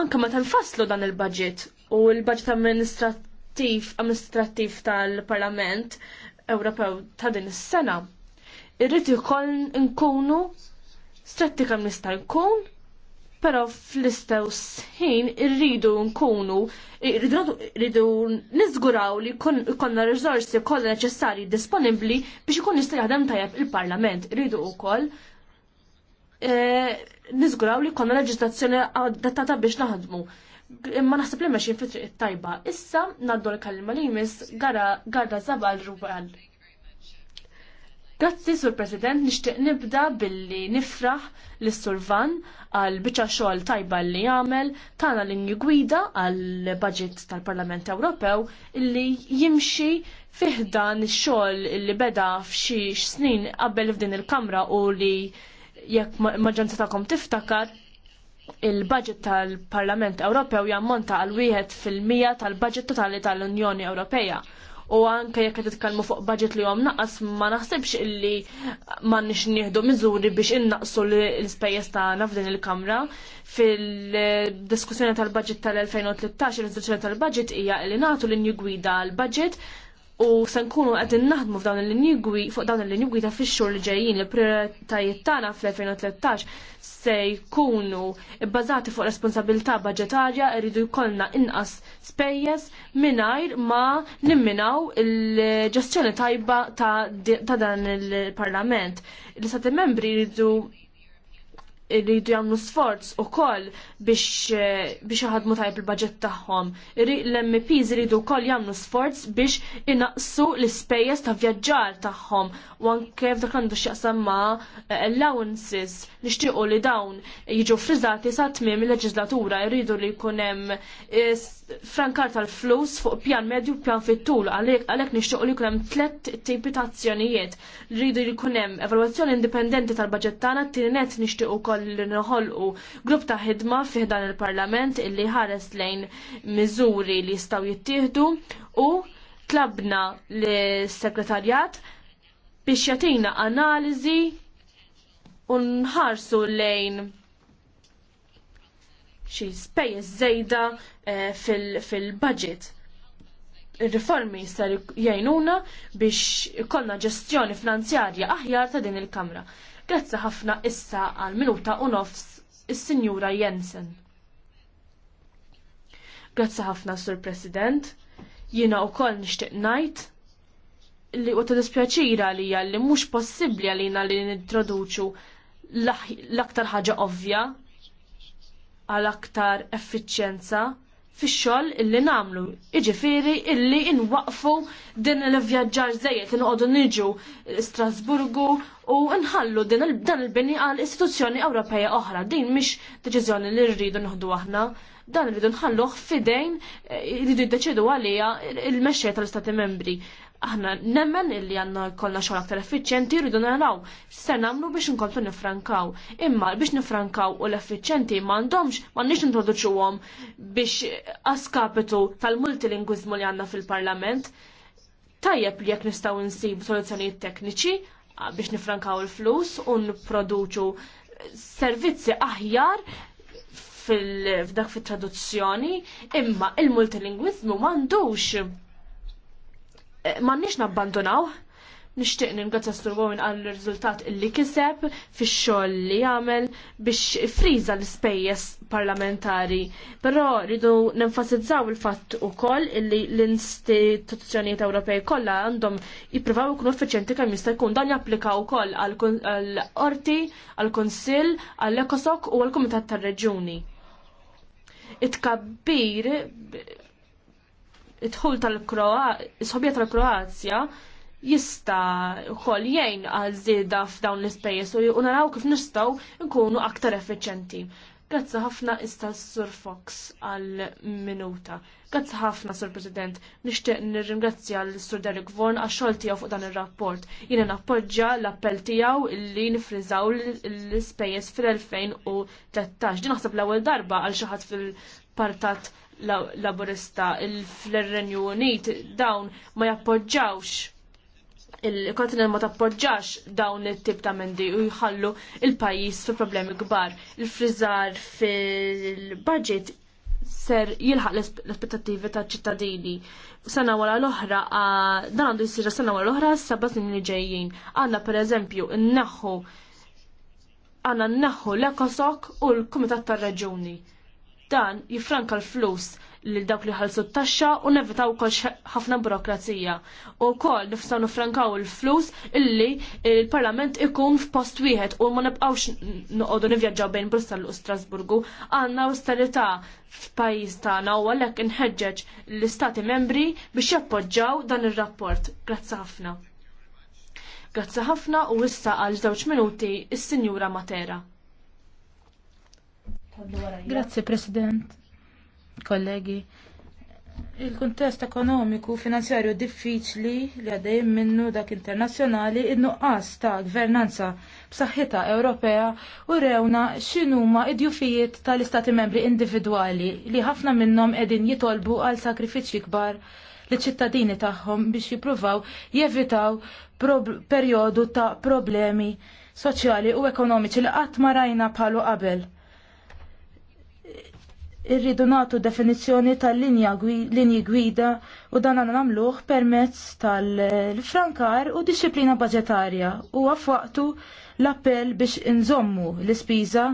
anke meta nfasslu dan il-budget u l-budget amministrattiv amministrativ tal-Parlament Ewropew ta' din is-sena. Irrid ikoll nkunu strettika nista' jkun Pero fl-istess ħin irridu nkunu, irridu nizguraw li konna rizorsi kollha neċessarji disponibbli biex ikun jista' jaħdem tajjeb il-Parlament. Irridu wkoll e, nizguraw li konna leġislazzjoni adattata biex naħdmu. Imma naħseb li meċin fitri it-tajba. Issa naddu l-kalima li jmiss gara Zabal Rubal. Grazzi, Sur President, nixtieq nibda billi nifraħ l Survan għal biċa' xogħol tajba li jagħmel tagħna l gwida għal budget tal-Parlament Ewropew illi jimxi fiħdan ix-xogħol li beda f'xi snin qabel f'din il-Kamra u li jekk maġġoranza tagħkom tiftakar il-budget tal-Parlament Ewropew jammonta għal wieħed fil-mija tal-budget totali tal-Unjoni Ewropea u anke jekk qed titkellmu fuq budget li huwa naqas ma naħsibx illi m'għandniex nieħdu miżuri biex innaqsu l-ispejjeż tagħna f'din il-Kamra. Fil-diskussjoni tal-budget tal-2013 il-riżoluzzjoni tal-budget hija li nagħtu l l-inju gwida għall budget u se nkunu qegħdin naħdmu f'dawn il-linjigwi fuq dawn il-linjigwi ta' fix-xhur li ġejjin il-prijoritajiet tagħna fl-2013 se jkunu bbażati fuq responsabilità baġetarja jridu jkollna inqas spejjeż mingħajr ma nimminaw il-ġestjoni tajba ta', ta dan il-Parlament. L-istati membri jridu irridu jagħmlu sforz ukoll biex eh, biex jaħadmu tajb il-budget tagħhom. L-MPs iridu wkoll jagħmlu sforz biex inaqsu l-ispejjeż ta' vjaġġar tagħhom u anke f'dak għandu x'jaqsam ma' allowances nixtiequ li dawn jiġu friżati sa tmiem il-leġislatura jridu li jkun hemm eh, frankar tal-flus fuq pjan medju pjan fit-tul għalhekk nixtiequ li jkun hemm tliet tipi ta' azzjonijiet. Rridu li jkun hemm evalwazzjoni indipendenti tal-budget tagħna, tieni nixtieq ukoll li noħolqu grupp ta' ħidma fih dan il-Parlament illi ħares lejn miżuri li jistgħu jittieħdu u tlabna l-Sekretarjat biex jagħtina analiżi u nħarsu lejn xi spejjeż żejda eh, fil-budget. Ir-riformi jistgħu jgħinuna biex ikollna ġestjoni finanzjarja aħjar ta' din il-Kamra. Grazzi ħafna issa għal minuta u nofs is-Sinjura Jensen. Grazzi ħafna, Sur President. Jiena wkoll nixtieq ngħid li u dispjaċira li li mhux possibbli għalina li nintroduċu l-aktar ħaġa ovvja għal aktar effiċjenza fix-xogħol illi nagħmlu. Jiġifieri illi inwaqfu din il-vjaġġar żejjed inqogħdu niġu Strasburgu u nħallu din dan il-bini għal istituzzjoni Ewropea oħra. Din mhix deċiżjoni li rridu nħdu aħna. Dan rridu nħalluh fidejn eh, rridu jiddeċidu għalija il-mexxej tal istati membri aħna nemmen illi għanna kollna xogħol aktar effiċjenti rridu naraw ser nagħmlu biex nkomplu nifrankaw. Imma biex nifrankaw u l-effiċjenti m'għandhomx m'għandniex introduċuhom biex askapitu tal-multilingwiżmu li għandna fil-Parlament. Tajjeb li jekk nistgħu nsib soluzzjonijiet tekniċi biex nifrankaw il-flus u nipproduċu servizzi aħjar fil-dak fit-traduzzjoni, imma il-multilingwiżmu m'għandux m'għandniex nabbandonaw. Nixtieq ningrazzja Sur Gowen għal riżultat li kiseb fix-xogħol li jagħmel biex friża l-ispejjeż parlamentari. Però rridu nenfasizzaw il-fatt ukoll li l-istituzzjonijiet Ewropej kollha għandhom jippruvaw ikunu effiċjenti kemm jista' jkun dan japplika wkoll għall-qorti, għall-Kunsill, għall-Ekosok u għall-Kumitat tar-Reġuni. It-kabbir it dħul tal-Kroazja, sobja tal-Kroazja jista wkoll jgħin għal żieda f'dawn l-ispejjeż u naraw kif nistgħu nkunu aktar effiċenti. Grazzi ħafna issa Sur Fox għal minuta. Grazzi ħafna Sur President, nixtieq nirringrazzja l Sur Derek Vorn għax xogħol tiegħu fuq dan ir-rapport. Jiena nappoġġja l-appell tiegħu li nifriżaw l-ispejjeż fil-2013. Din naħseb l-ewwel darba għal xi ħadd fil-partat laburista fl-Renju Unit dawn ma jappoġġawx il-kontinent ma tappoġġax dawn it-tip ta' mendi u jħallu il-pajis fi problemi kbar. Il-frizzar fil-budget ser jilħaq l-aspettativi ta' ċittadini. Sena wara l-oħra, dan għandu jisir sena wara l-oħra, sabba snin li ġejjin. Għanna per eżempju, n-naħħu għanna n-naħħu l-ekosok u l-Kumitat tar-Raġuni Dan jifranka l-flus lil dawk li ħalsu t-taxxa u nevitaw kol ħafna burokrazija. U kol nifsaw nifrankaw il-flus illi il-parlament ikun f'post wieħed u ma nibqawx noqogħdu nivjaġġaw bejn Brussell u Strasburgu. Għandna austerità f'pajjiż tagħna u għalhekk inħeġġeġ l-istati membri biex jappoġġaw dan ir-rapport. Grazzi ħafna. Grazzi ħafna u issa għal żewġ minuti is-Sinjura Matera. Grazzi President, kollegi. Il-kuntest ekonomiku finanzjarju diffiċli li għaddej minnu dak internazzjonali in-nuqqas ta' gvernanza b'saħħitha Ewropea u rewna x'inhuma id-djufijiet tal-istati membri individwali li ħafna minnhom qegħdin jitolbu għal sakrifiċċji kbar li ċittadini tagħhom biex jippruvaw jevitaw perjodu ta' problemi soċjali u ekonomiċi li qatt ma rajna bħalu qabel irridu nagħtu definizzjoni tal-linja linji gwida u dan għandna nagħmluh permezz tal-frankar u disċiplina baġetarja. u għafwaqtu l-appell biex inżommu l-ispiża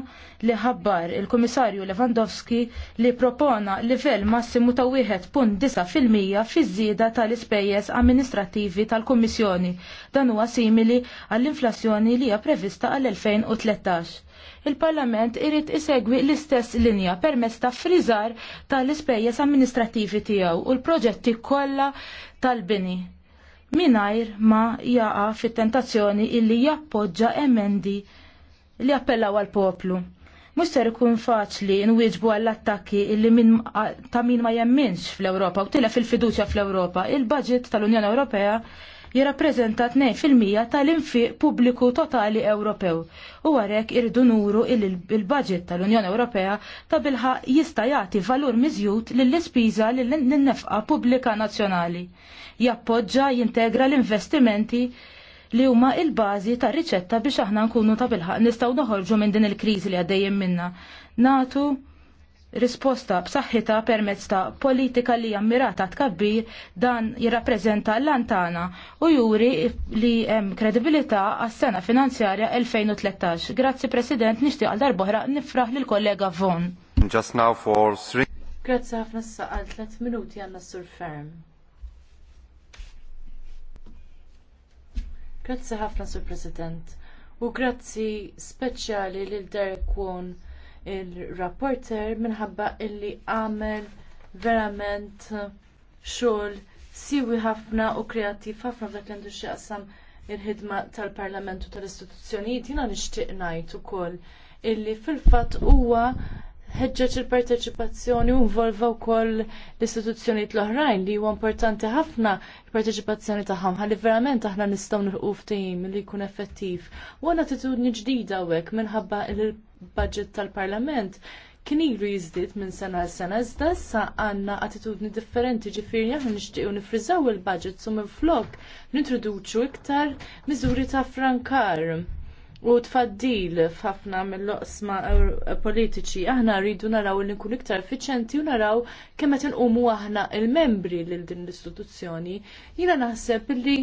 li ħabbar il-Kummissarju Lewandowski li propona livell massimu ta' 1.9 fil-mija fi żieda tal-ispejjeż amministrattivi tal-Kummissjoni. Dan huwa simili għall-inflazzjoni li hija prevista għall-2013 il-Parlament irid isegwi l-istess linja permezz ta' friżar tal-ispejjeż amministrativi tiegħu u l-proġetti kollha tal-bini. Minajr ma jaqa fit-tentazzjoni illi jappoġġa emendi li appellaw għal poplu. Mhux ser ikun faċli nwieġbu għall attakki illi min, ta' min ma jemminx fl-Ewropa u tila fil fiduċja fl-Ewropa. Il-budget tal-Unjoni Ewropea jirrappreżenta 2% tal-infiq pubbliku totali Ewropew. U għarek irridu nuru il-budget tal-Unjoni Ewropea ta' bilħa jista' jagħti valur miżjud lill-ispiża lill nefqa pubblika nazzjonali. Jappoġġa jintegra l-investimenti li huma il-bażi ta' riċetta biex aħna nkunu ta' bilħaq nistgħu noħorġu minn din il-kriżi li għaddejjem minna. Natu risposta b'saħħitha permezz ta' politika li ammirata tkabbir dan jirrappreżenta l-antana u juri li hemm kredibilità għas-sena finanzjarja 2013. Grazzi President, nixtieq għal darbohra nifraħ lil kollega Von. Just now for three. Grazzi ħafna s-saqal 3 minuti għanna sur ferm. Grazzi ħafna sur President. U grazzi speċjali lil Derek Won il-rapporter minħabba illi għamel verament xogħol siwi ħafna u kreattiv ħafna f'dak li għandu x'jaqsam il-ħidma tal-Parlamentu tal-istituzzjonijiet jiena nixtieq ngħid ukoll illi fil-fatt huwa ħeġġeġ il-parteċipazzjoni u involva wkoll l-istituzzjonijiet l-oħrajn li huwa importanti ħafna l-parteċipazzjoni taħħam ħalli verament aħna nistgħu nilqu ftehim li jkun effettiv. U t attitudni ġdida hekk minħabba il-budget tal-Parlament kien ilu jiżdied minn sena għal sena iżda issa għandna attitudni differenti ġifieri aħna nixtiequ nifriżaw il-budget il-flok nintroduċu iktar miżuri ta' frankar u tfaddil f'ħafna mill-loqsma politiċi. Aħna rridu naraw li nkun iktar effiċenti u naraw kemm qed inqumu aħna il-membri lil din l-istituzzjoni. Jiena naħseb li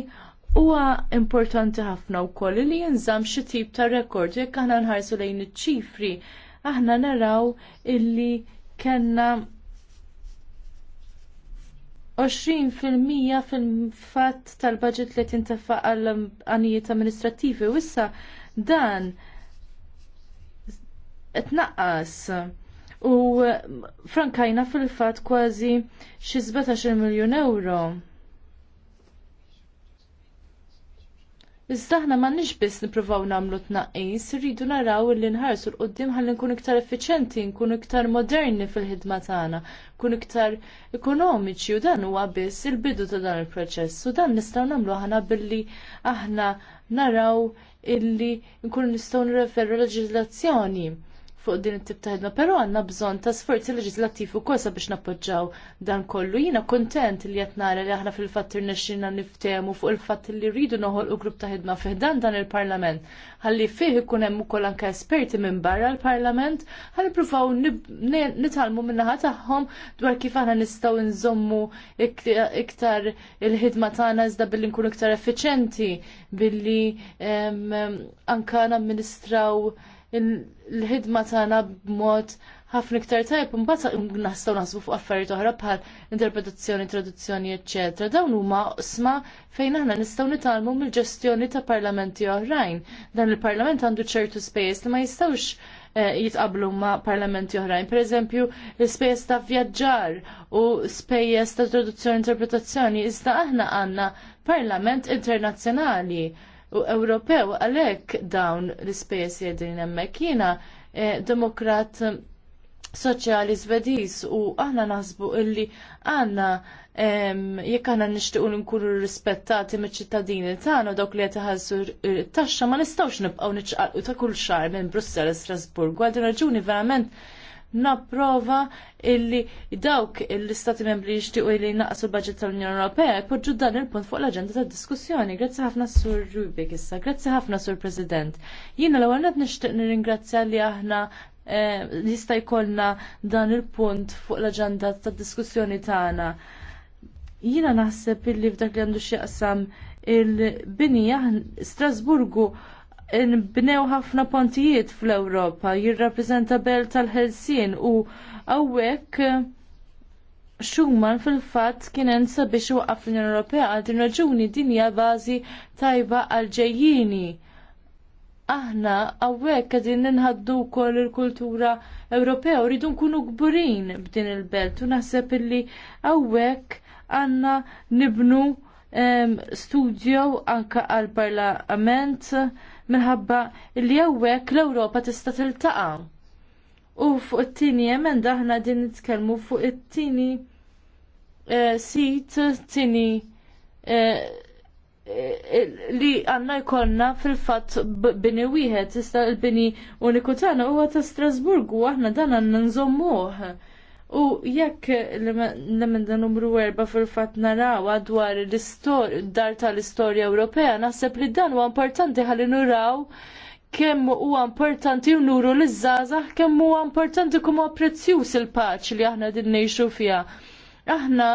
huwa importanti ħafna wkoll li jinżamm xi tip ta' rekord jekk aħna nħarsu lejn iċ-ċifri. Aħna naraw illi kellna 20% fil-fatt tal-budget li tintefaq għal għanijiet amministrativi u issa dan etnaqqas u frankajna fil-fat kważi xi 17 miljun euro. Iżda aħna m'għandniex biss nippruvaw nagħmlu tnaqqis, irridu naraw li nħarsu l-qudiem ħalli nkunu iktar effiċenti, nkunu iktar moderni fil-ħidma tagħna, nkunu iktar ekonomiċi u dan huwa biss il-bidu ta' dan il-proċess. U dan nistgħu nagħmlu aħna billi aħna naraw illi nkunu nistgħu l leġiżlazzjoni fuq din it-tip ta' ħidma, però għandna bżonn ta' sforzi leġislattiv ukoll sabiex nappoġġaw dan kollu. Jiena kuntent li qed nara li aħna fil-fatt irnexxina niftehmu fuq il-fatt li rridu noħolqu grupp ta' ħidma fiħdan dan il-Parlament. Ħalli fih ikun hemm ukoll anke esperti minn barra l-Parlament, ħalli pruvaw nitalmu min-naħa tagħhom dwar kif aħna nistgħu nżommu iktar il-ħidma tagħna iżda billi nkunu iktar effiċenti billi anka namministraw l-ħidma tagħna b'mod ħafna iktar tajb imbagħad nastgħu naħsbu fuq affarijiet oħra bħal interpretazzjoni, traduzzjoni, eċetera. Dawn huma qosma' fejn aħna nistgħu nitalmu mill-ġestjoni ta' parlamenti oħrajn. Dan il-parlament għandu ċertu space li ma jistgħux eh, jitqablu ma' parlamenti oħrajn. Per eżempju, l-spejjeż ta' vjaġġar u spejjeż ta' traduzzjoni interpretazzjoni, iżda aħna għandna parlament internazzjonali u Ewropew għalhekk dawn l-ispejjeż jedin hemmhekk jiena eh, demokrat soċjali żvediż u aħna naħsbu illi għandna jekk aħna nixtiequ nkunu rispettati miċ-ċittadini tagħna dawk li qed iħallsu taxxa ma nistgħux nibqgħu niċċaqalqu ta' kull xahar minn Brussell Strasburg. Għal din raġuni verament napprova illi dawk l-istati membri jixtiequ illi naqsu l-budget tal-Unjoni Ewropea jpoġġu dan il-punt fuq l-aġenda tad-diskussjoni. Grazzi ħafna Sur Rubik issa, grazzi ħafna Sur President. Jiena l-ewwel nett nixtieq nirringrazzja li aħna eh, jista' jkollna dan il-punt fuq l-aġenda tad-diskussjoni tagħna. Jiena naħseb illi f'dak li għandu x'jaqsam il-bini Strasburgu nbnew ħafna pontijiet fl-Ewropa, jirrappreżenta belt tal-ħelsien u hawnhekk Schumann fil-fatt kien hemm sabiex waqaf l-Unjoni Ewropea għal din raġuni din hija bażi tajba għal ġejjini. Aħna hawnhekk qegħdin ninħaddu wkoll il-kultura Ewropea u rridu nkunu kburin b'din il-belt u naħseb illi hawnhekk għandna nibnu studju anka għal-parlament minħabba li hawnhekk l-Ewropa tista' tiltaqa'. U fuq it-tieni emenda aħna din nitkellmu fuq it-tieni eh, sit, uh, eh, eh, li għanna jkollna fil-fat bini wieħed, tista' l-bini uniku tagħna huwa ta' Strasburgu, aħna dan għandna nżommuh. U jekk l-emenda numru 4 fil-fat naraw dwar dar tal-istorja Ewropea, naħseb li dan huwa importanti ħalli nuraw kemm huwa importanti u nuru l izzazah kemm huwa importanti kumu prezzjus prezzjuż il-paċi li aħna din ngħixu fiha aħna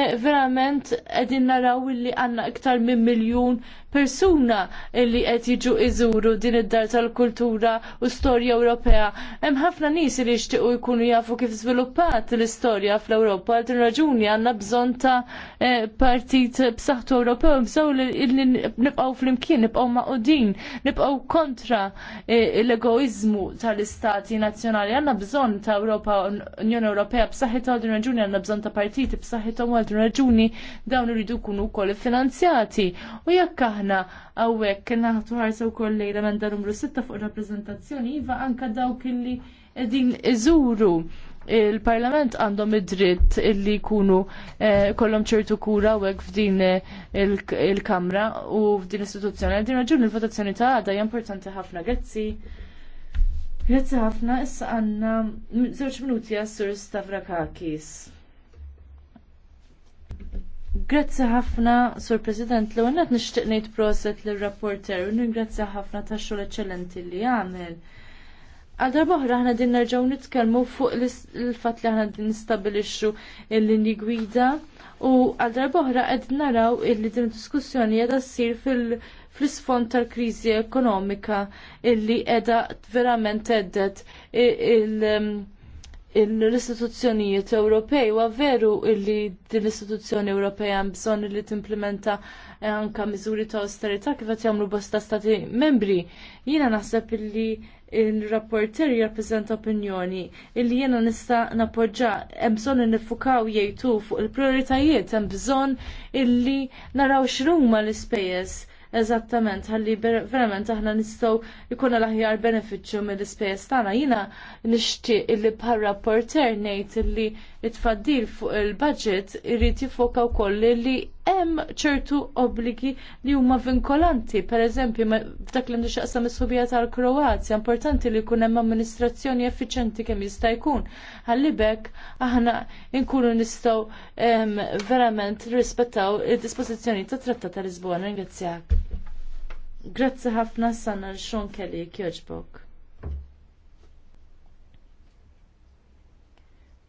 eh, verament edin naraw li għanna iktar minn miljon persuna li qed jiġu iżuru din id-dar tal-kultura u storja Ewropea. Hemm ħafna nies li jixtiequ jkunu jafu kif żviluppat l-istorja fl-Ewropa. Din raġuni għandna bżonn ta' eh, partit b'saħħtu Ewropew bżgħu li nibqgħu flimkien, nibqgħu maqudin, nibqgħu kontra eh, l-egoizmu tal-istati nazzjonali. Għandna bżonn ta' Ewropa Unjoni Ewropea b'saħħitha għal din raġuni għandna bżonn ta' partiti b'saħħithom għal din raġuni dawn iridu jkunu wkoll iffinanzjati. U jekk aħna aħna għawek kena naħtu ħarsa wkoll lejn emenda numru 6 fuq rappreżentazzjoni iva anke dawk illi qegħdin iżuru il-parlament għandhom id-dritt illi jkunu eh, kollom ċertu kura u għek f'din eh, il-kamra u f'din l-istituzzjoni. Għal din l-votazzjoni ta' għada hija importanti ħafna. Grazzi. Grazzi ħafna, issa għandna żewġ minuti għas-sur Stavrakakis. Grazzi ħafna, Sur President, l għannet nishtiqnejt proset l-rapporter, u ingrazzi ħafna ta' xol eccellenti li għamil. Għadar boħra ħna din nerġaw nitkelmu fuq l-fat li ħna din nistabilixxu l-linji gwida u għadar boħra għed naraw illi din diskussjoni għedha ssir fil-sfond tal-krizi ekonomika illi għedha verament għeddet il- l-istituzzjonijiet Ewropej u veru illi din l-istituzzjoni Ewropej hemm bżonn li timplementa eh, anke miżuri ta' austerità kif qed jagħmlu bosta stati membri. Jiena naħseb illi il-rapporter jirrappreżenta opinjoni illi jiena nista' nappoġġa hemm bżonn nifukaw jgħidu fuq il-prioritajiet hemm bżonn illi naraw x'ruma l-ispejjeż eżattament ħalli verament aħna nistgħu jkun l-aħjar benefiċċju mill-ispejjeż tagħna. Jiena nixtieq illi bħal rapporter ngħid illi it-tfaddil fuq il-budget irrid jifoka wkoll li hemm ċertu obbligi li huma vinkolanti. Pereżempju, f'dak li nixaqsam mis subija tal-Kroazja, importanti li jkun hemm amministrazzjoni effiċjenti kemm jista' jkun. Ħalli aħna nkunu nistgħu verament rispettaw id-dispożizzjoni tat-Trattat ta' Lisbona. Ringrazzjak. Grazzi ħafna sanna xon kelli kjoġbok.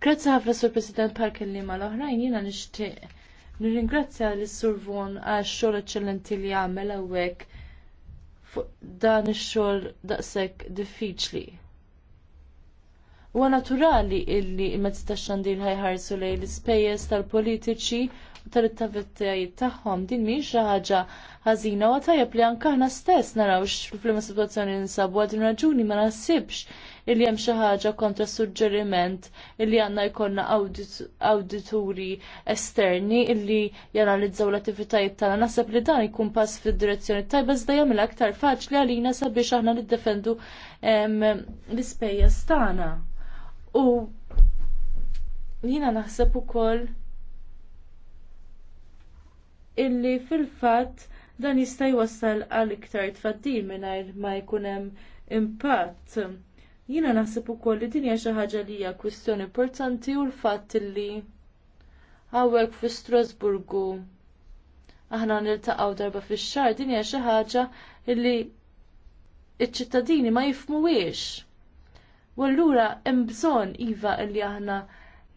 Grazzi ħafna Sur President Parker kellima l-oħrajn jiena nixtieq. Nirringrazzja l-Sur Von għax xogħol eċċellenti li għamel hawnhekk fuq dan ix-xogħol daqshekk diffiċli. Huwa naturali illi il-mezz tax-xandir ħajħarsu lejn l-ispejjeż tal-politiċi tal-attivitajiet tagħhom din mhix xi ħaġa ħażina wa tajjeb li anke aħna stess naraw x'flima sitwazzjoni ninsabu għad raġuni ma naħsibx illi hemm xi ħaġa kontra suġġeriment illi għandna jkollna awdituri esterni illi janalizzaw l-attivitajiet tagħna. Naħseb li dan jkun pass fid-direzzjoni tajba iżda jagħmilha aktar faċli għalina sabiex aħna niddefendu l-ispejjeż tagħna. U jiena naħseb ukoll illi fil-fatt dan jista' jwassal għal iktar tfaddil mingħajr ma jkun hemm impatt. Jiena naħseb ukoll li din hija xi ħaġa li hija kwistjoni importanti u l-fatt illi hawnhekk fi Strasburgu aħna niltaqgħu darba fix-xahar din hija xi ħaġa illi iċ-ċittadini ma jifhmuhiex. U allura hemm bżonn iva illi aħna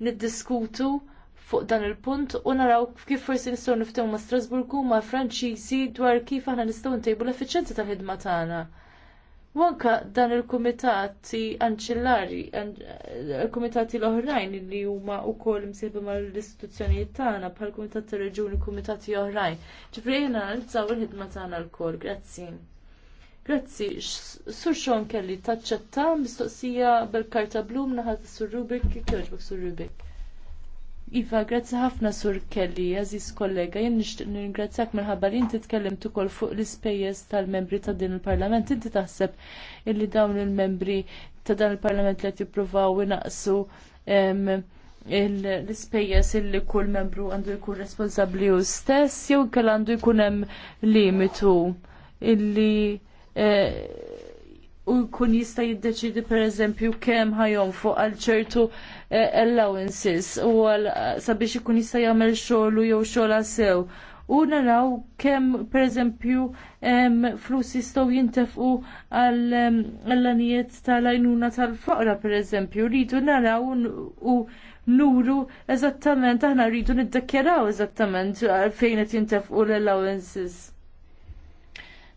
niddiskutu fuq dan il-punt u naraw kif forsi nistgħu niftehmu ma' Strasburgu ma' Franċiżi dwar kif aħna nistgħu ntejbu l-effiċenza tal-ħidma tagħna. U anke dan il-kumitati anċillari, il-kumitati l-oħrajn li huma wkoll msieħba mal istituzzjonijiet tagħna bħal kumitat tar reġuni kumitati oħrajn. Ġifri jiena nalizzaw il-ħidma tagħna l-kol, grazzi. Grazzi, sur xon kelli taċċetta mistoqsija bil-karta blu naħat sur Rubik, kif jogħġbok sur Rubik? Iva, grazzi ħafna sur Kelly, għaziz kollega, jen nixtieq ningrazzjak minħabba li inti tkellem ukoll fuq l-ispejjeż tal-membri ta' din il-Parlament. Inti taħseb illi dawn il-membri ta' dan il-Parlament li qed jippruvaw inaqsu l-ispejjeż illi kull membru għandu jkun responsabbli hu stess jew kell għandu jkun hemm limitu illi eh, u jkun jista' jiddeċidi pereżempju kemm ħajhom fuq għal ċertu eh, allowances u għal eh, sabiex ikun jista' jagħmel xogħlu jew xogħol sew. U naraw kemm pereżempju flus jistgħu jintefqu għall anijiet tal-għajnuna tal-foqra pereżempju Ridu naraw u nuru eżattament aħna rridu niddekjaraw eżattament eh, fejn qed jintefqu l-allowances.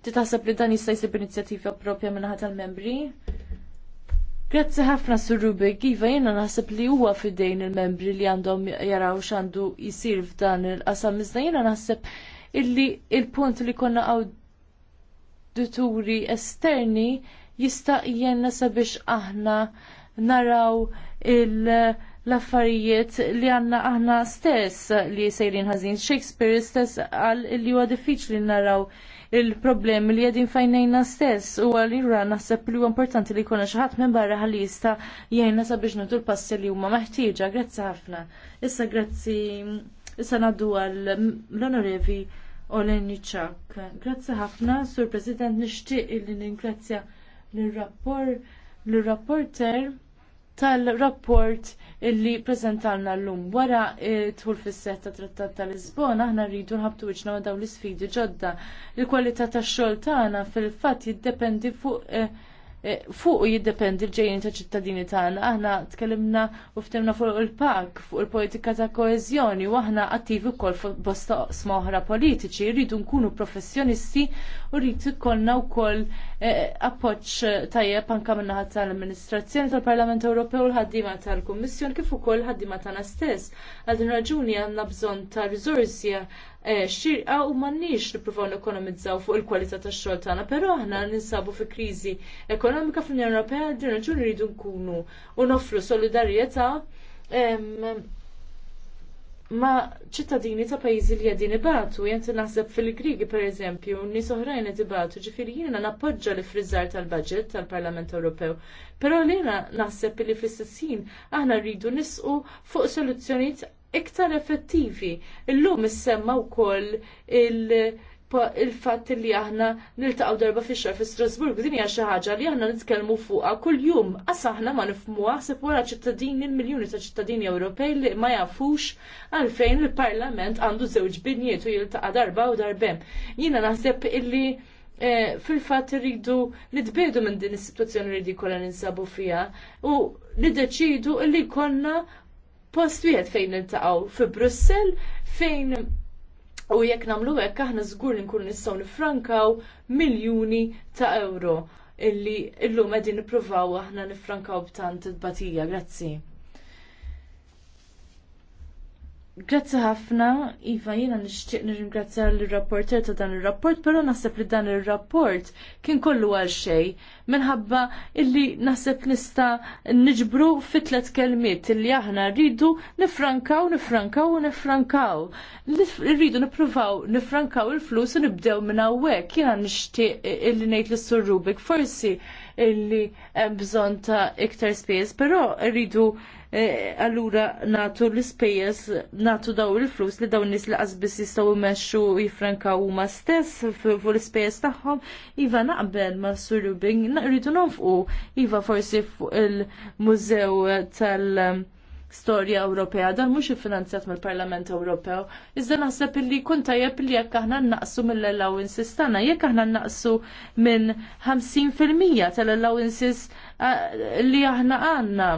Titaħseb li dan jista' jsib inizjattiva propja minna tal-membri? Grazzi ħafna Sur Rubik, iva jiena naħseb li huwa fidejn il-membri li għandhom jaraw x'għandu jisir f'dan il-qasam iżda jiena naħseb illi il-punt li konna awdituri esterni jista' jenna sabiex aħna naraw l-affarijiet li għanna aħna stess li jisajrin ħażin. Shakespeare stess għal li huwa diffiċli naraw il-problemi li għedin fajnejna stess u għallura naħseb li huwa importanti li jkollna xi ħadd minn barra ħalli jista' jgħinna sabiex nutu l-passi li huma meħtieġa. Grazzi ħafna. Issa grazzi issa naddu għal l-onorevi Oleni Olenichak. Grazzi ħafna, Sur President, nixtieq li ningrazzja l-rapport l-rapporter tal-rapport illi prezentalna l-lum wara tħul fis-set ta' trattat tal-Lisbona aħna rridu nħabtu wiċna dawn l-isfidi ġodda. Il-kwalità tax-xogħol tagħna fil-fatt jiddependi fuq eh, Eh, fuq jiddependi l-ġejjin ta' ċittadini tagħna. Aħna tkellimna u ftemna fuq il-pak, fuq il-politika ta' koeżjoni u aħna attivi wkoll fuq bosta oħra politiċi, rridu nkunu professjonisti u rridu ikollna wkoll eh, appoġġ tajjeb anke min-naħa tal-Amministrazzjoni tal-Parlament Ewropew u l-ħaddiema tal-Kummissjoni kif ukoll ħaddiema tagħna stess. Għal din raġuni għandna bżonn ta' riżorsi Eh, xirqa u mannix niprofaw nekonomizzaw fuq il-kwalità tax-xogħol tagħna, però aħna ninsabu fi kriżi ekonomika fl-Unjoni Ewropea din raġuni rridu nkunu u nofru solidarjetà ma ċittadini ta' pajjiżi li qegħdin ibatu, jent naħseb fil-Grigi pereżempju, nies oħrajn qed ibatu, ġifieri jiena nappoġġa li friżar tal-baġġett tal-Parlament Ewropew. Però lina naħseb li fl-istess aħna rridu nisqu fuq soluzzjonijiet iktar effettivi. Illum issemma wkoll il- il-fatt li aħna niltaqgħu darba fi xar fi Strasburg din hija xi ħaġa li aħna nitkellmu fuqha kuljum qas aħna ma nifhmuha ħseb wara ċittadini miljuni ta' ċittadini Ewropej li ma jafux għalfejn il-Parlament għandu żewġ binjiet u jiltaqa' darba u darbem. Jiena naħseb illi eh, fil-fatt rridu nitbiedu minn din is-sitwazzjoni li jkollha ninsabu fiha u niddeċidu li konna post wieħed fejn niltaqgħu fi Brussell fejn u jekk nagħmlu hekk aħna żgur li nkunu nistgħu nifrankaw miljuni ta' euro illi illum qegħdin nippruvaw aħna nifrankaw b'tant tbatija. Grazzi. Grazzi ħafna, Iva, jina nixtieq nirringrazzja l-rapporter ta' dan ir rapport però naħseb li dan ir rapport kien kollu għal xejn minħabba illi naħseb nista niġbru fitlet kelmiet illi aħna rridu nifrankaw, nifrankaw u nifrankaw. Rridu nippruvaw nifrankaw il-flus u nibdew minn hawnhekk. Jina nixtieq illi ngħid lis sur Rubik forsi illi bżonn ta' iktar space, però rridu Eh, allura natu l-ispejjeż natu daw il-flus li dawn nis li qasbis jistgħu jmexxu jifrankaw huma stess fuq l-ispejjeż tagħhom. Iva naqbel ma' Sur Rubin, rridu nofqu iva forsi fuq il-Mużew tal- storja Ewropea, dan mhux iffinanzjat mill-Parlament Ewropew. Iżda naħseb illi kun tajjeb li jekk aħna naqsu mill-allowances tagħna, jekk aħna naqsu minn 50% tal-allowances eh, li aħna għandna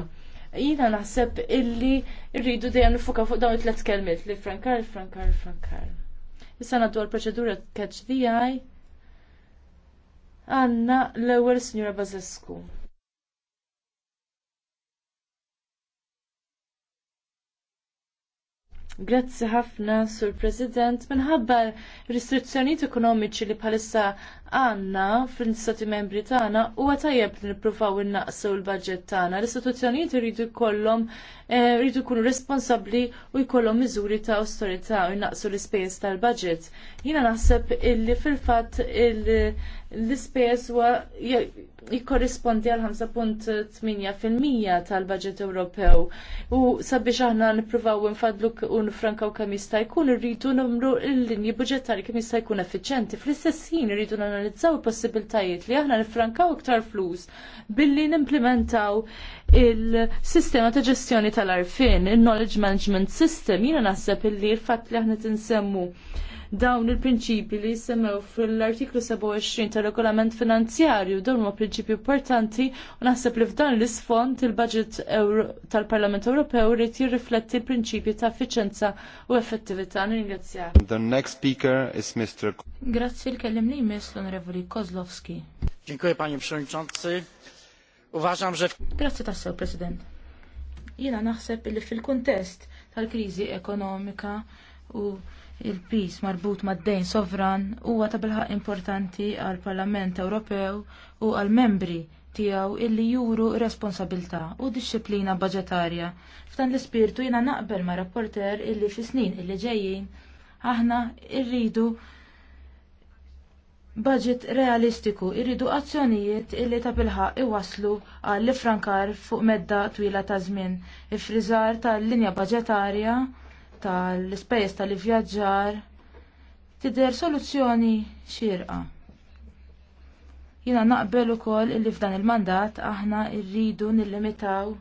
Jina naħseb illi rridu dejjem nifuka fuq dawn it-tlet kelmiet li frankar, frankar, frankar. Issa naddu għal-proċedura catch the eye. Għanna l-ewwel Sinjura Bazescu. Grazzi ħafna, Sur President. Minħabba restrizzjonijiet ekonomiċi li bħalissa għanna fl-istati membri tagħna huwa tajjeb li nippruvaw innaqsu l-budget tagħna. L-istituzzjonijiet iridu jkollhom rridu eh, jkunu responsabbli u jkollhom miżuri ta' austerità u jnaqsu l-ispejjeż tal-budget. Jiena naħseb illi fil-fatt l-ispejjeż huwa jikkorrispondi għal 5.8% tal-budget Ewropew. U sabiex aħna nippruvaw nfadlu u franka kemm jista' jkun irridu numru l-linji budgetari kemm jista' jkun effiċenti Fl-istess ħin irridu nanalizzaw il-possibiltajiet li aħna nifrankaw iktar flus billi nimplementaw il-sistema ta' ġestjoni tal-arfin, il-knowledge management system, jiena naħseb illi l-fatt li aħna tinsemmu dawn il-prinċipi li jissemew fil-artiklu 27 tal-regolament finanzjarju dawn huma prinċipi importanti u naħseb li f'dan l-isfond il-budget tal-Parlament Ewropew rrid jirrifletti l-prinċipji ta' effiċenza u effettività. Ningrazzja. The next speaker is Mr. Grazzi l-kellim li Honorevoli l Kozlowski. Dziękuję panie przewodniczący. Uważam, że... Grazzi tassew, President. Jiena naħseb li fil kuntest tal-krizi ekonomika u il-pis marbut mad-dejn sovran huwa ta' bilħaq importanti għal Parlament Ewropew u għal membri tiegħu illi juru responsabilità u dixxilpina budgetarja. F'dan l-ispirtu jiena naqbel ma' rapporter illi fi snin illi ġejjin aħna rridu budget realistiku, irridu azzjonijiet illi ta' bilħaq iwaslu għall ifrankar fuq medda twila ta' żmien, ifriżar tal-linja budgetarja tal-ispejjeż tal-ivvjaġġar tidher soluzzjoni xirqa. Jiena naqbel ukoll illi f'dan il-mandat aħna rridu nillimitaw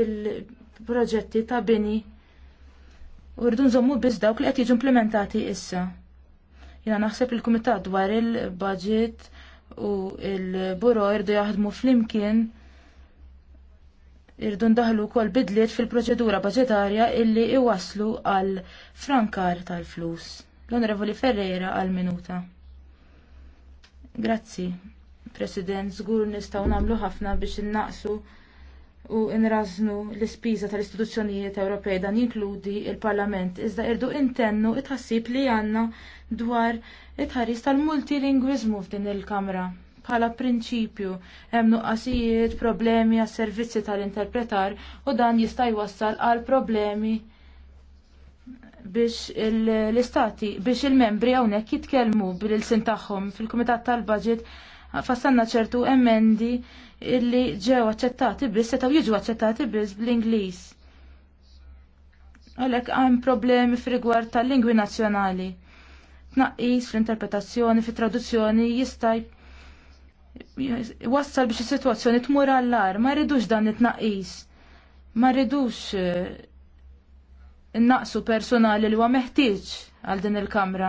il-proġetti ta' bini u rridu nżommu biss dawk li qed jiġu implementati issa. Jiena naħseb il-kumitat dwar il-budget u il-buro jirdu jaħdmu flimkien Irdu ndaħlu wkoll bidliet fil-proċedura baġitarja illi iwasslu għal frankar tal-flus. L-Onorevoli Ferreira għal minuta. Grazzi, President, Zgur nistgħu nagħmlu ħafna biex innaqsu u nrażnu l-ispiża tal-istituzzjonijiet Ewropej dan jinkludi l parlament iżda irdu intennu it tħassib li għandna dwar it-ħaris tal-multilingwiżmu f'din il-Kamra bħala prinċipju hemm nuqqasijiet, problemi għas servizzi tal-interpretar u dan jista' jwassal għal problemi biex l-istati, biex il-membri hawnhekk jitkellmu bil-sin tagħhom fil-Kumitat tal-Budget fassanna ċertu emendi illi ġew aċċettati biss setgħu jiġu aċċettati biss bl-Ingliż. Għalhekk hemm problemi f'rigward tal-lingwi nazzjonali tnaqqis fl-interpretazzjoni, fit traduzzjoni jista' wassal biex is-sitwazzjoni tmur għall ma rridux dan it-naqis. Ma rridux eh, naqsu personali li huwa meħtieġ għal din il-kamra.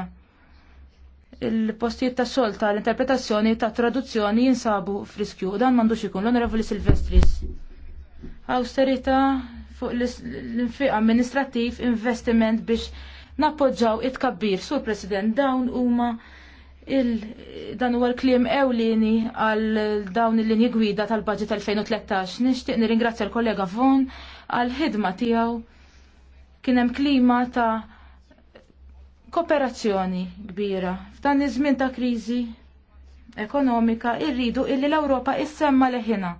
Il-postijiet ta' xogħol tal-interpretazzjoni ta' traduzzjoni jinsabu friskju u dan m'għandux ikun l-Onorevoli Silvestris. Austerita fuq l-infiq amministrativ investiment biex nappoġġaw it-kabbir sur President dawn huma dan huwa l-kliem ewlieni għal dawn il-linji gwida tal-budget 2013. Nixtieq nirringrazzja l-kollega Von għal ħidma tiegħu kien hemm klima ta' kooperazzjoni kbira. F'dan iż-żmien ta' kriżi ekonomika irridu illi l-Ewropa issemma leħina.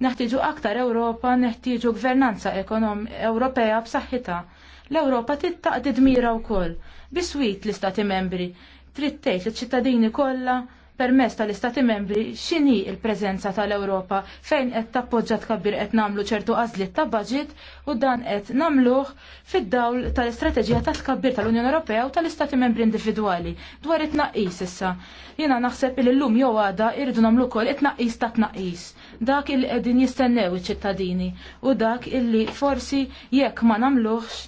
Neħtieġu aktar Ewropa, neħtieġu gvernanza Ewropea b'saħħitha. L-Ewropa tittaqdi dmira wkoll biswit l-istati membri trid tgħid liċ-ċittadini kollha permess tal-Istati membri x'inhi il-preżenza tal-Ewropa fejn qed tappoġġa tkabbir qed nagħmlu ċertu għażliet ta' budget u dan qed nagħmluh fid-dawl tal-istrateġija ta' tkabbir tal-Unjoni Ewropea u tal-Istati membri individwali dwar it-tnaqqis issa. Jiena naħseb il llum jew għada irridu nagħmlu wkoll it-tnaqqis ta' tnaqqis. Dak il qegħdin jistennew iċ-ċittadini u dak illi forsi jekk ma nagħmluhx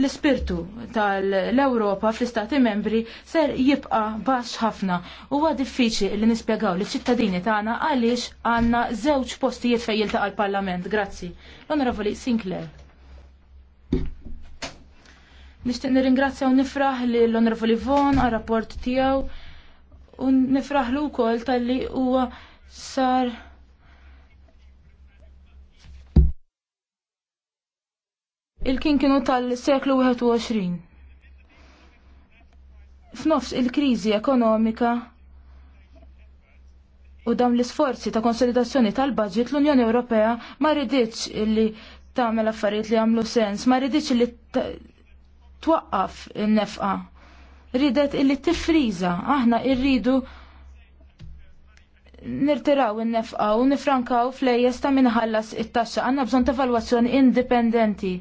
l-ispirtu tal-Europa fl-Istati membri ser jibqa' baxx ħafna. u Huwa diffiċli li nispjegaw li ċittadini tagħna għaliex għandna żewġ postijiet fejn jiltaqa' l-Parlament. Grazzi. L-Onorevoli Sinclair. Nixtieq nirringrazzja u nifraħ li l-Onorevoli Von għar-rapport tiegħu u nifraħ l ukoll tal-li huwa sar il-kien kienu tal-seklu 21. F'nofs il-kriżi ekonomika u dawn l-isforzi ta' konsolidazzjoni tal-budget l-Unjoni Ewropea ma rriditx li tagħmel affarijiet li għamlu sens, ma rriditx li twaqqaf in-nefqa. Ridet illi tifriża, aħna rridu nirtiraw in-nefqa u nifrankaw flejjes ta' minħallas it-taxxa għandna bżonn ta' valwazzjoni indipendenti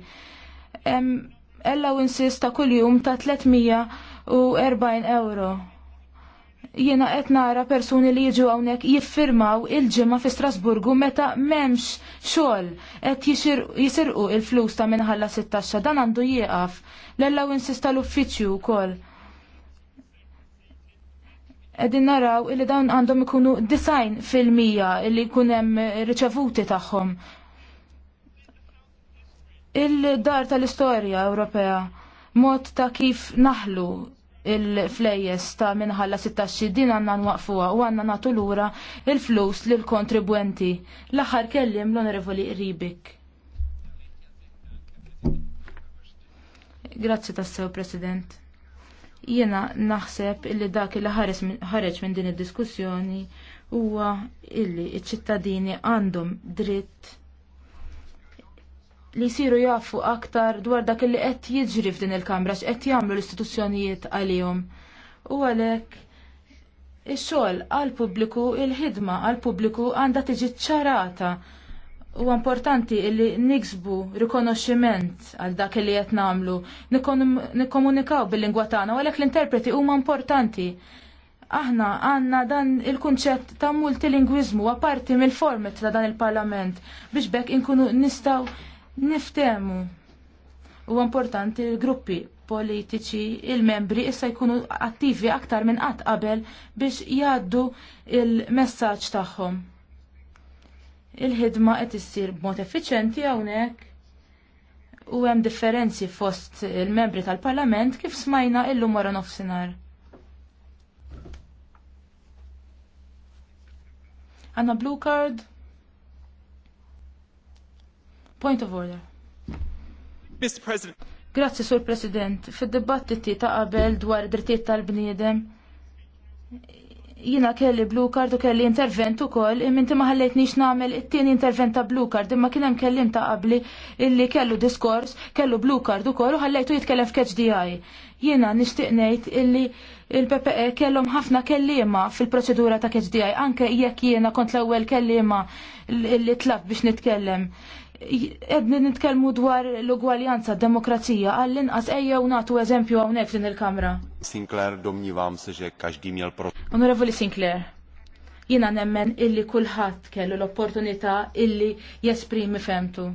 allowances ta' kuljum ta' 340 euro. Jiena qed nara persuni li jiġu hawnhekk jiffirmaw il-ġimgħa fi Strasburgu meta m'hemmx xogħol qed jisirqu il-flus ta' minħalla 16 dan għandu jieqaf l-allowances tal-uffiċċju wkoll. Qegħdin naraw li dawn għandhom ikunu design fil-mija li jkun hemm riċevuti tagħhom il-dar tal-istorja Ewropea, mod ta' kif naħlu il-flejjes ta' minħalla 16 din għanna nwaqfuha u għanna natu lura il-flus l kontribwenti. L-aħħar kellim l-Onorevoli Ribik. Grazzi tassew, President. Jena naħseb illi dak li ħareġ minn din id-diskussjoni huwa illi iċ-ċittadini għandhom dritt li jisiru jafu aktar dwar dak li qed jiġri f'din il-kamra x'qed jagħmlu l-istituzzjonijiet għalihom. U għalhekk ix-xogħol għall pubbliku il-ħidma għall pubbliku għandha tiġi ċarata u importanti li niksbu rikonoxximent għal dak li qed nagħmlu, nikkomunikaw bil-lingwa tagħna, għalhekk l-interpreti huma importanti. Aħna għandna dan il-kunċett ta' multilingwiżmu apparti mill-format ta' dan il-Parlament biex bekk inkunu nistgħu niftemu. U importanti l-gruppi politiċi, il-membri issa jkunu attivi aktar minn qatt qabel biex jgħaddu il-messaġġ tagħhom. Il-ħidma qed issir b'mod effiċjenti hawnhekk u hemm differenzi fost il-membri tal-Parlament kif smajna illum wara nofsinhar. Anna blue card? Point of order. Mr. President. Grazzi, Sur President. Fid-dibattiti ta' qabel dwar drittijiet tal-bniedem, jina kelli blue card u kelli intervent u koll, imminti ma ħallejtnix namel it-tieni intervent ta' blue card, imma kienem kellim ta' qabli illi kellu diskors, kellu blue card u koll u ħallejtu jitkellem f'keċ DI. Jina nishtiqnejt illi il-PPE kellhom ħafna kellima fil-proċedura ta' keċ DI, anke jekk jiena kont l-ewwel kellima li tlab biex nitkellem edni nitkelmu dwar l-ugwaljanza demokrazija għallin inqas ejja u natu eżempju għawnek din il-kamra. Sinclair domnivam se ġek kaxdim jal pro. Onorevoli Sinclair, jina nemmen illi kullħat kellu l-opportunità illi jesprimi femtu.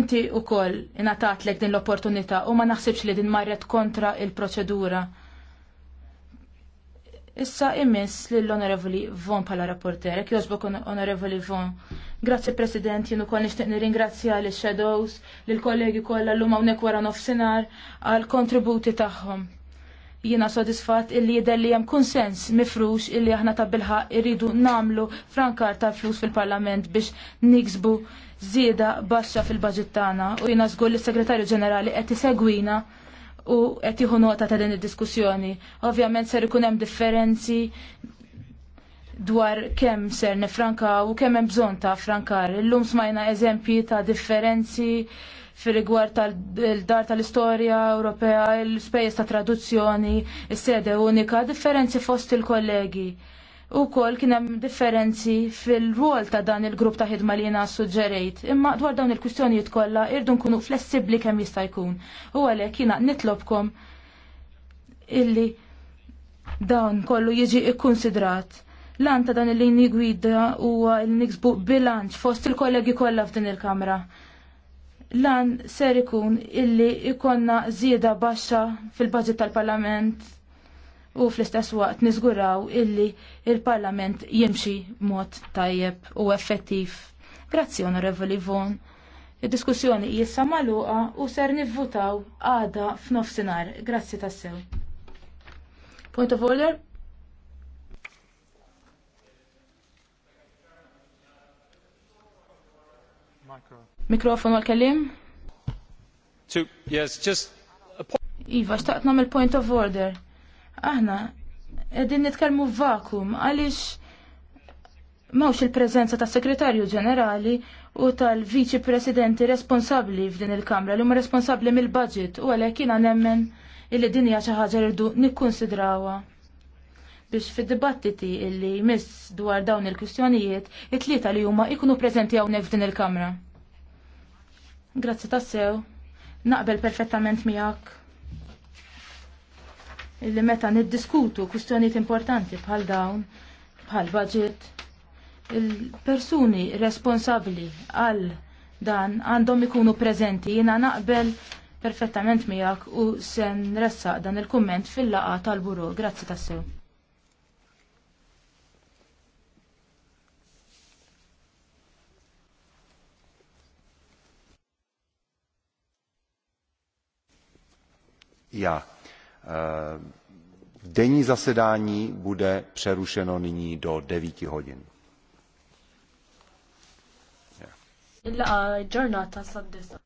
Inti u koll inatat lek din l-opportunità u ma naħsibx li din marret kontra il-proċedura. Issa li lill-Onorevoli Von pala rapporter, jek Onorevoli Von. Grazzi President, jenu kol nishtiq nirringrazzja li Shadows, li l-kollegi kolla l-lum għawnek wara nofsinar għal kontributi tagħhom. Jiena sodisfat illi jidher li hemm konsens mifrux illi aħna ta' bilħa irridu namlu frankar ta' flus fil-Parlament biex niksbu żieda baxxa fil-baġit tagħna u jiena żgur li segretarju Ġenerali qed isegwina u qed jieħu nota ta' din id-diskussjoni. Ovvjament ser ikun hemm differenzi dwar kemm ser nifranka u kemm hemm bżonn ta' frankar. Illum smajna eżempji ta' differenzi fil-rigward tal-dar tal-istorja Ewropea, l-spejjeż ta' traduzzjoni, is-sede unika, differenzi fost il-kollegi. U kol kienem differenzi fil-rol ta' dan il-grupp ta' ħidma li jena suġġerejt. Imma dwar dawn il kustjoni kollha irdu nkunu flessibli kemm jista' jkun. U għalhekk jiena nitlobkom illi dawn kollu jiġi ikkonsidrat. Lan ta' dan il li gwida huwa il-niksbu bilanċ fost il-kollegi kollha f'din il-kamra lan ser ikun illi ikonna zieda baxxa fil-budget tal-parlament u fl-istess waqt niżguraw illi il-Parlament jimxi mod tajjeb u effettiv. Grazzi Onorevoli Von. Id-diskussjoni jissa maluqa u ser nivvutaw għada f'nofsinhar. Grazzi tassew. Point of order? Mikrofon għal-kellim? Iva, xtaqt il point of order aħna qegħdin nitkellmu vakum għaliex mawx il prezenza tas segretarju ġenerali u tal-viċi presidenti responsabbli f'din il-Kamra li huma responsabbli mill-budget u għalhekk jiena nemmen illi din hija xi ħaġa rridu nikkunsidrawha biex fid-dibattiti illi jmiss dwar dawn il-kwistjonijiet it-tlieta li huma ikunu preżenti hawnhekk f'din il-Kamra. Grazzi tassew, naqbel perfettament miegħek illi meta niddiskutu kwistjonijiet importanti bħal dawn, bħal budget, il-persuni responsabli għal dan għandhom ikunu preżenti jiena naqbel perfettament miegħek u se nressaq dan il-kumment fil laqgħa tal-buru. Grazzi tassew. Ja, Eh, denní zasedání bude přerušeno nyní do 9 hodin. Yeah.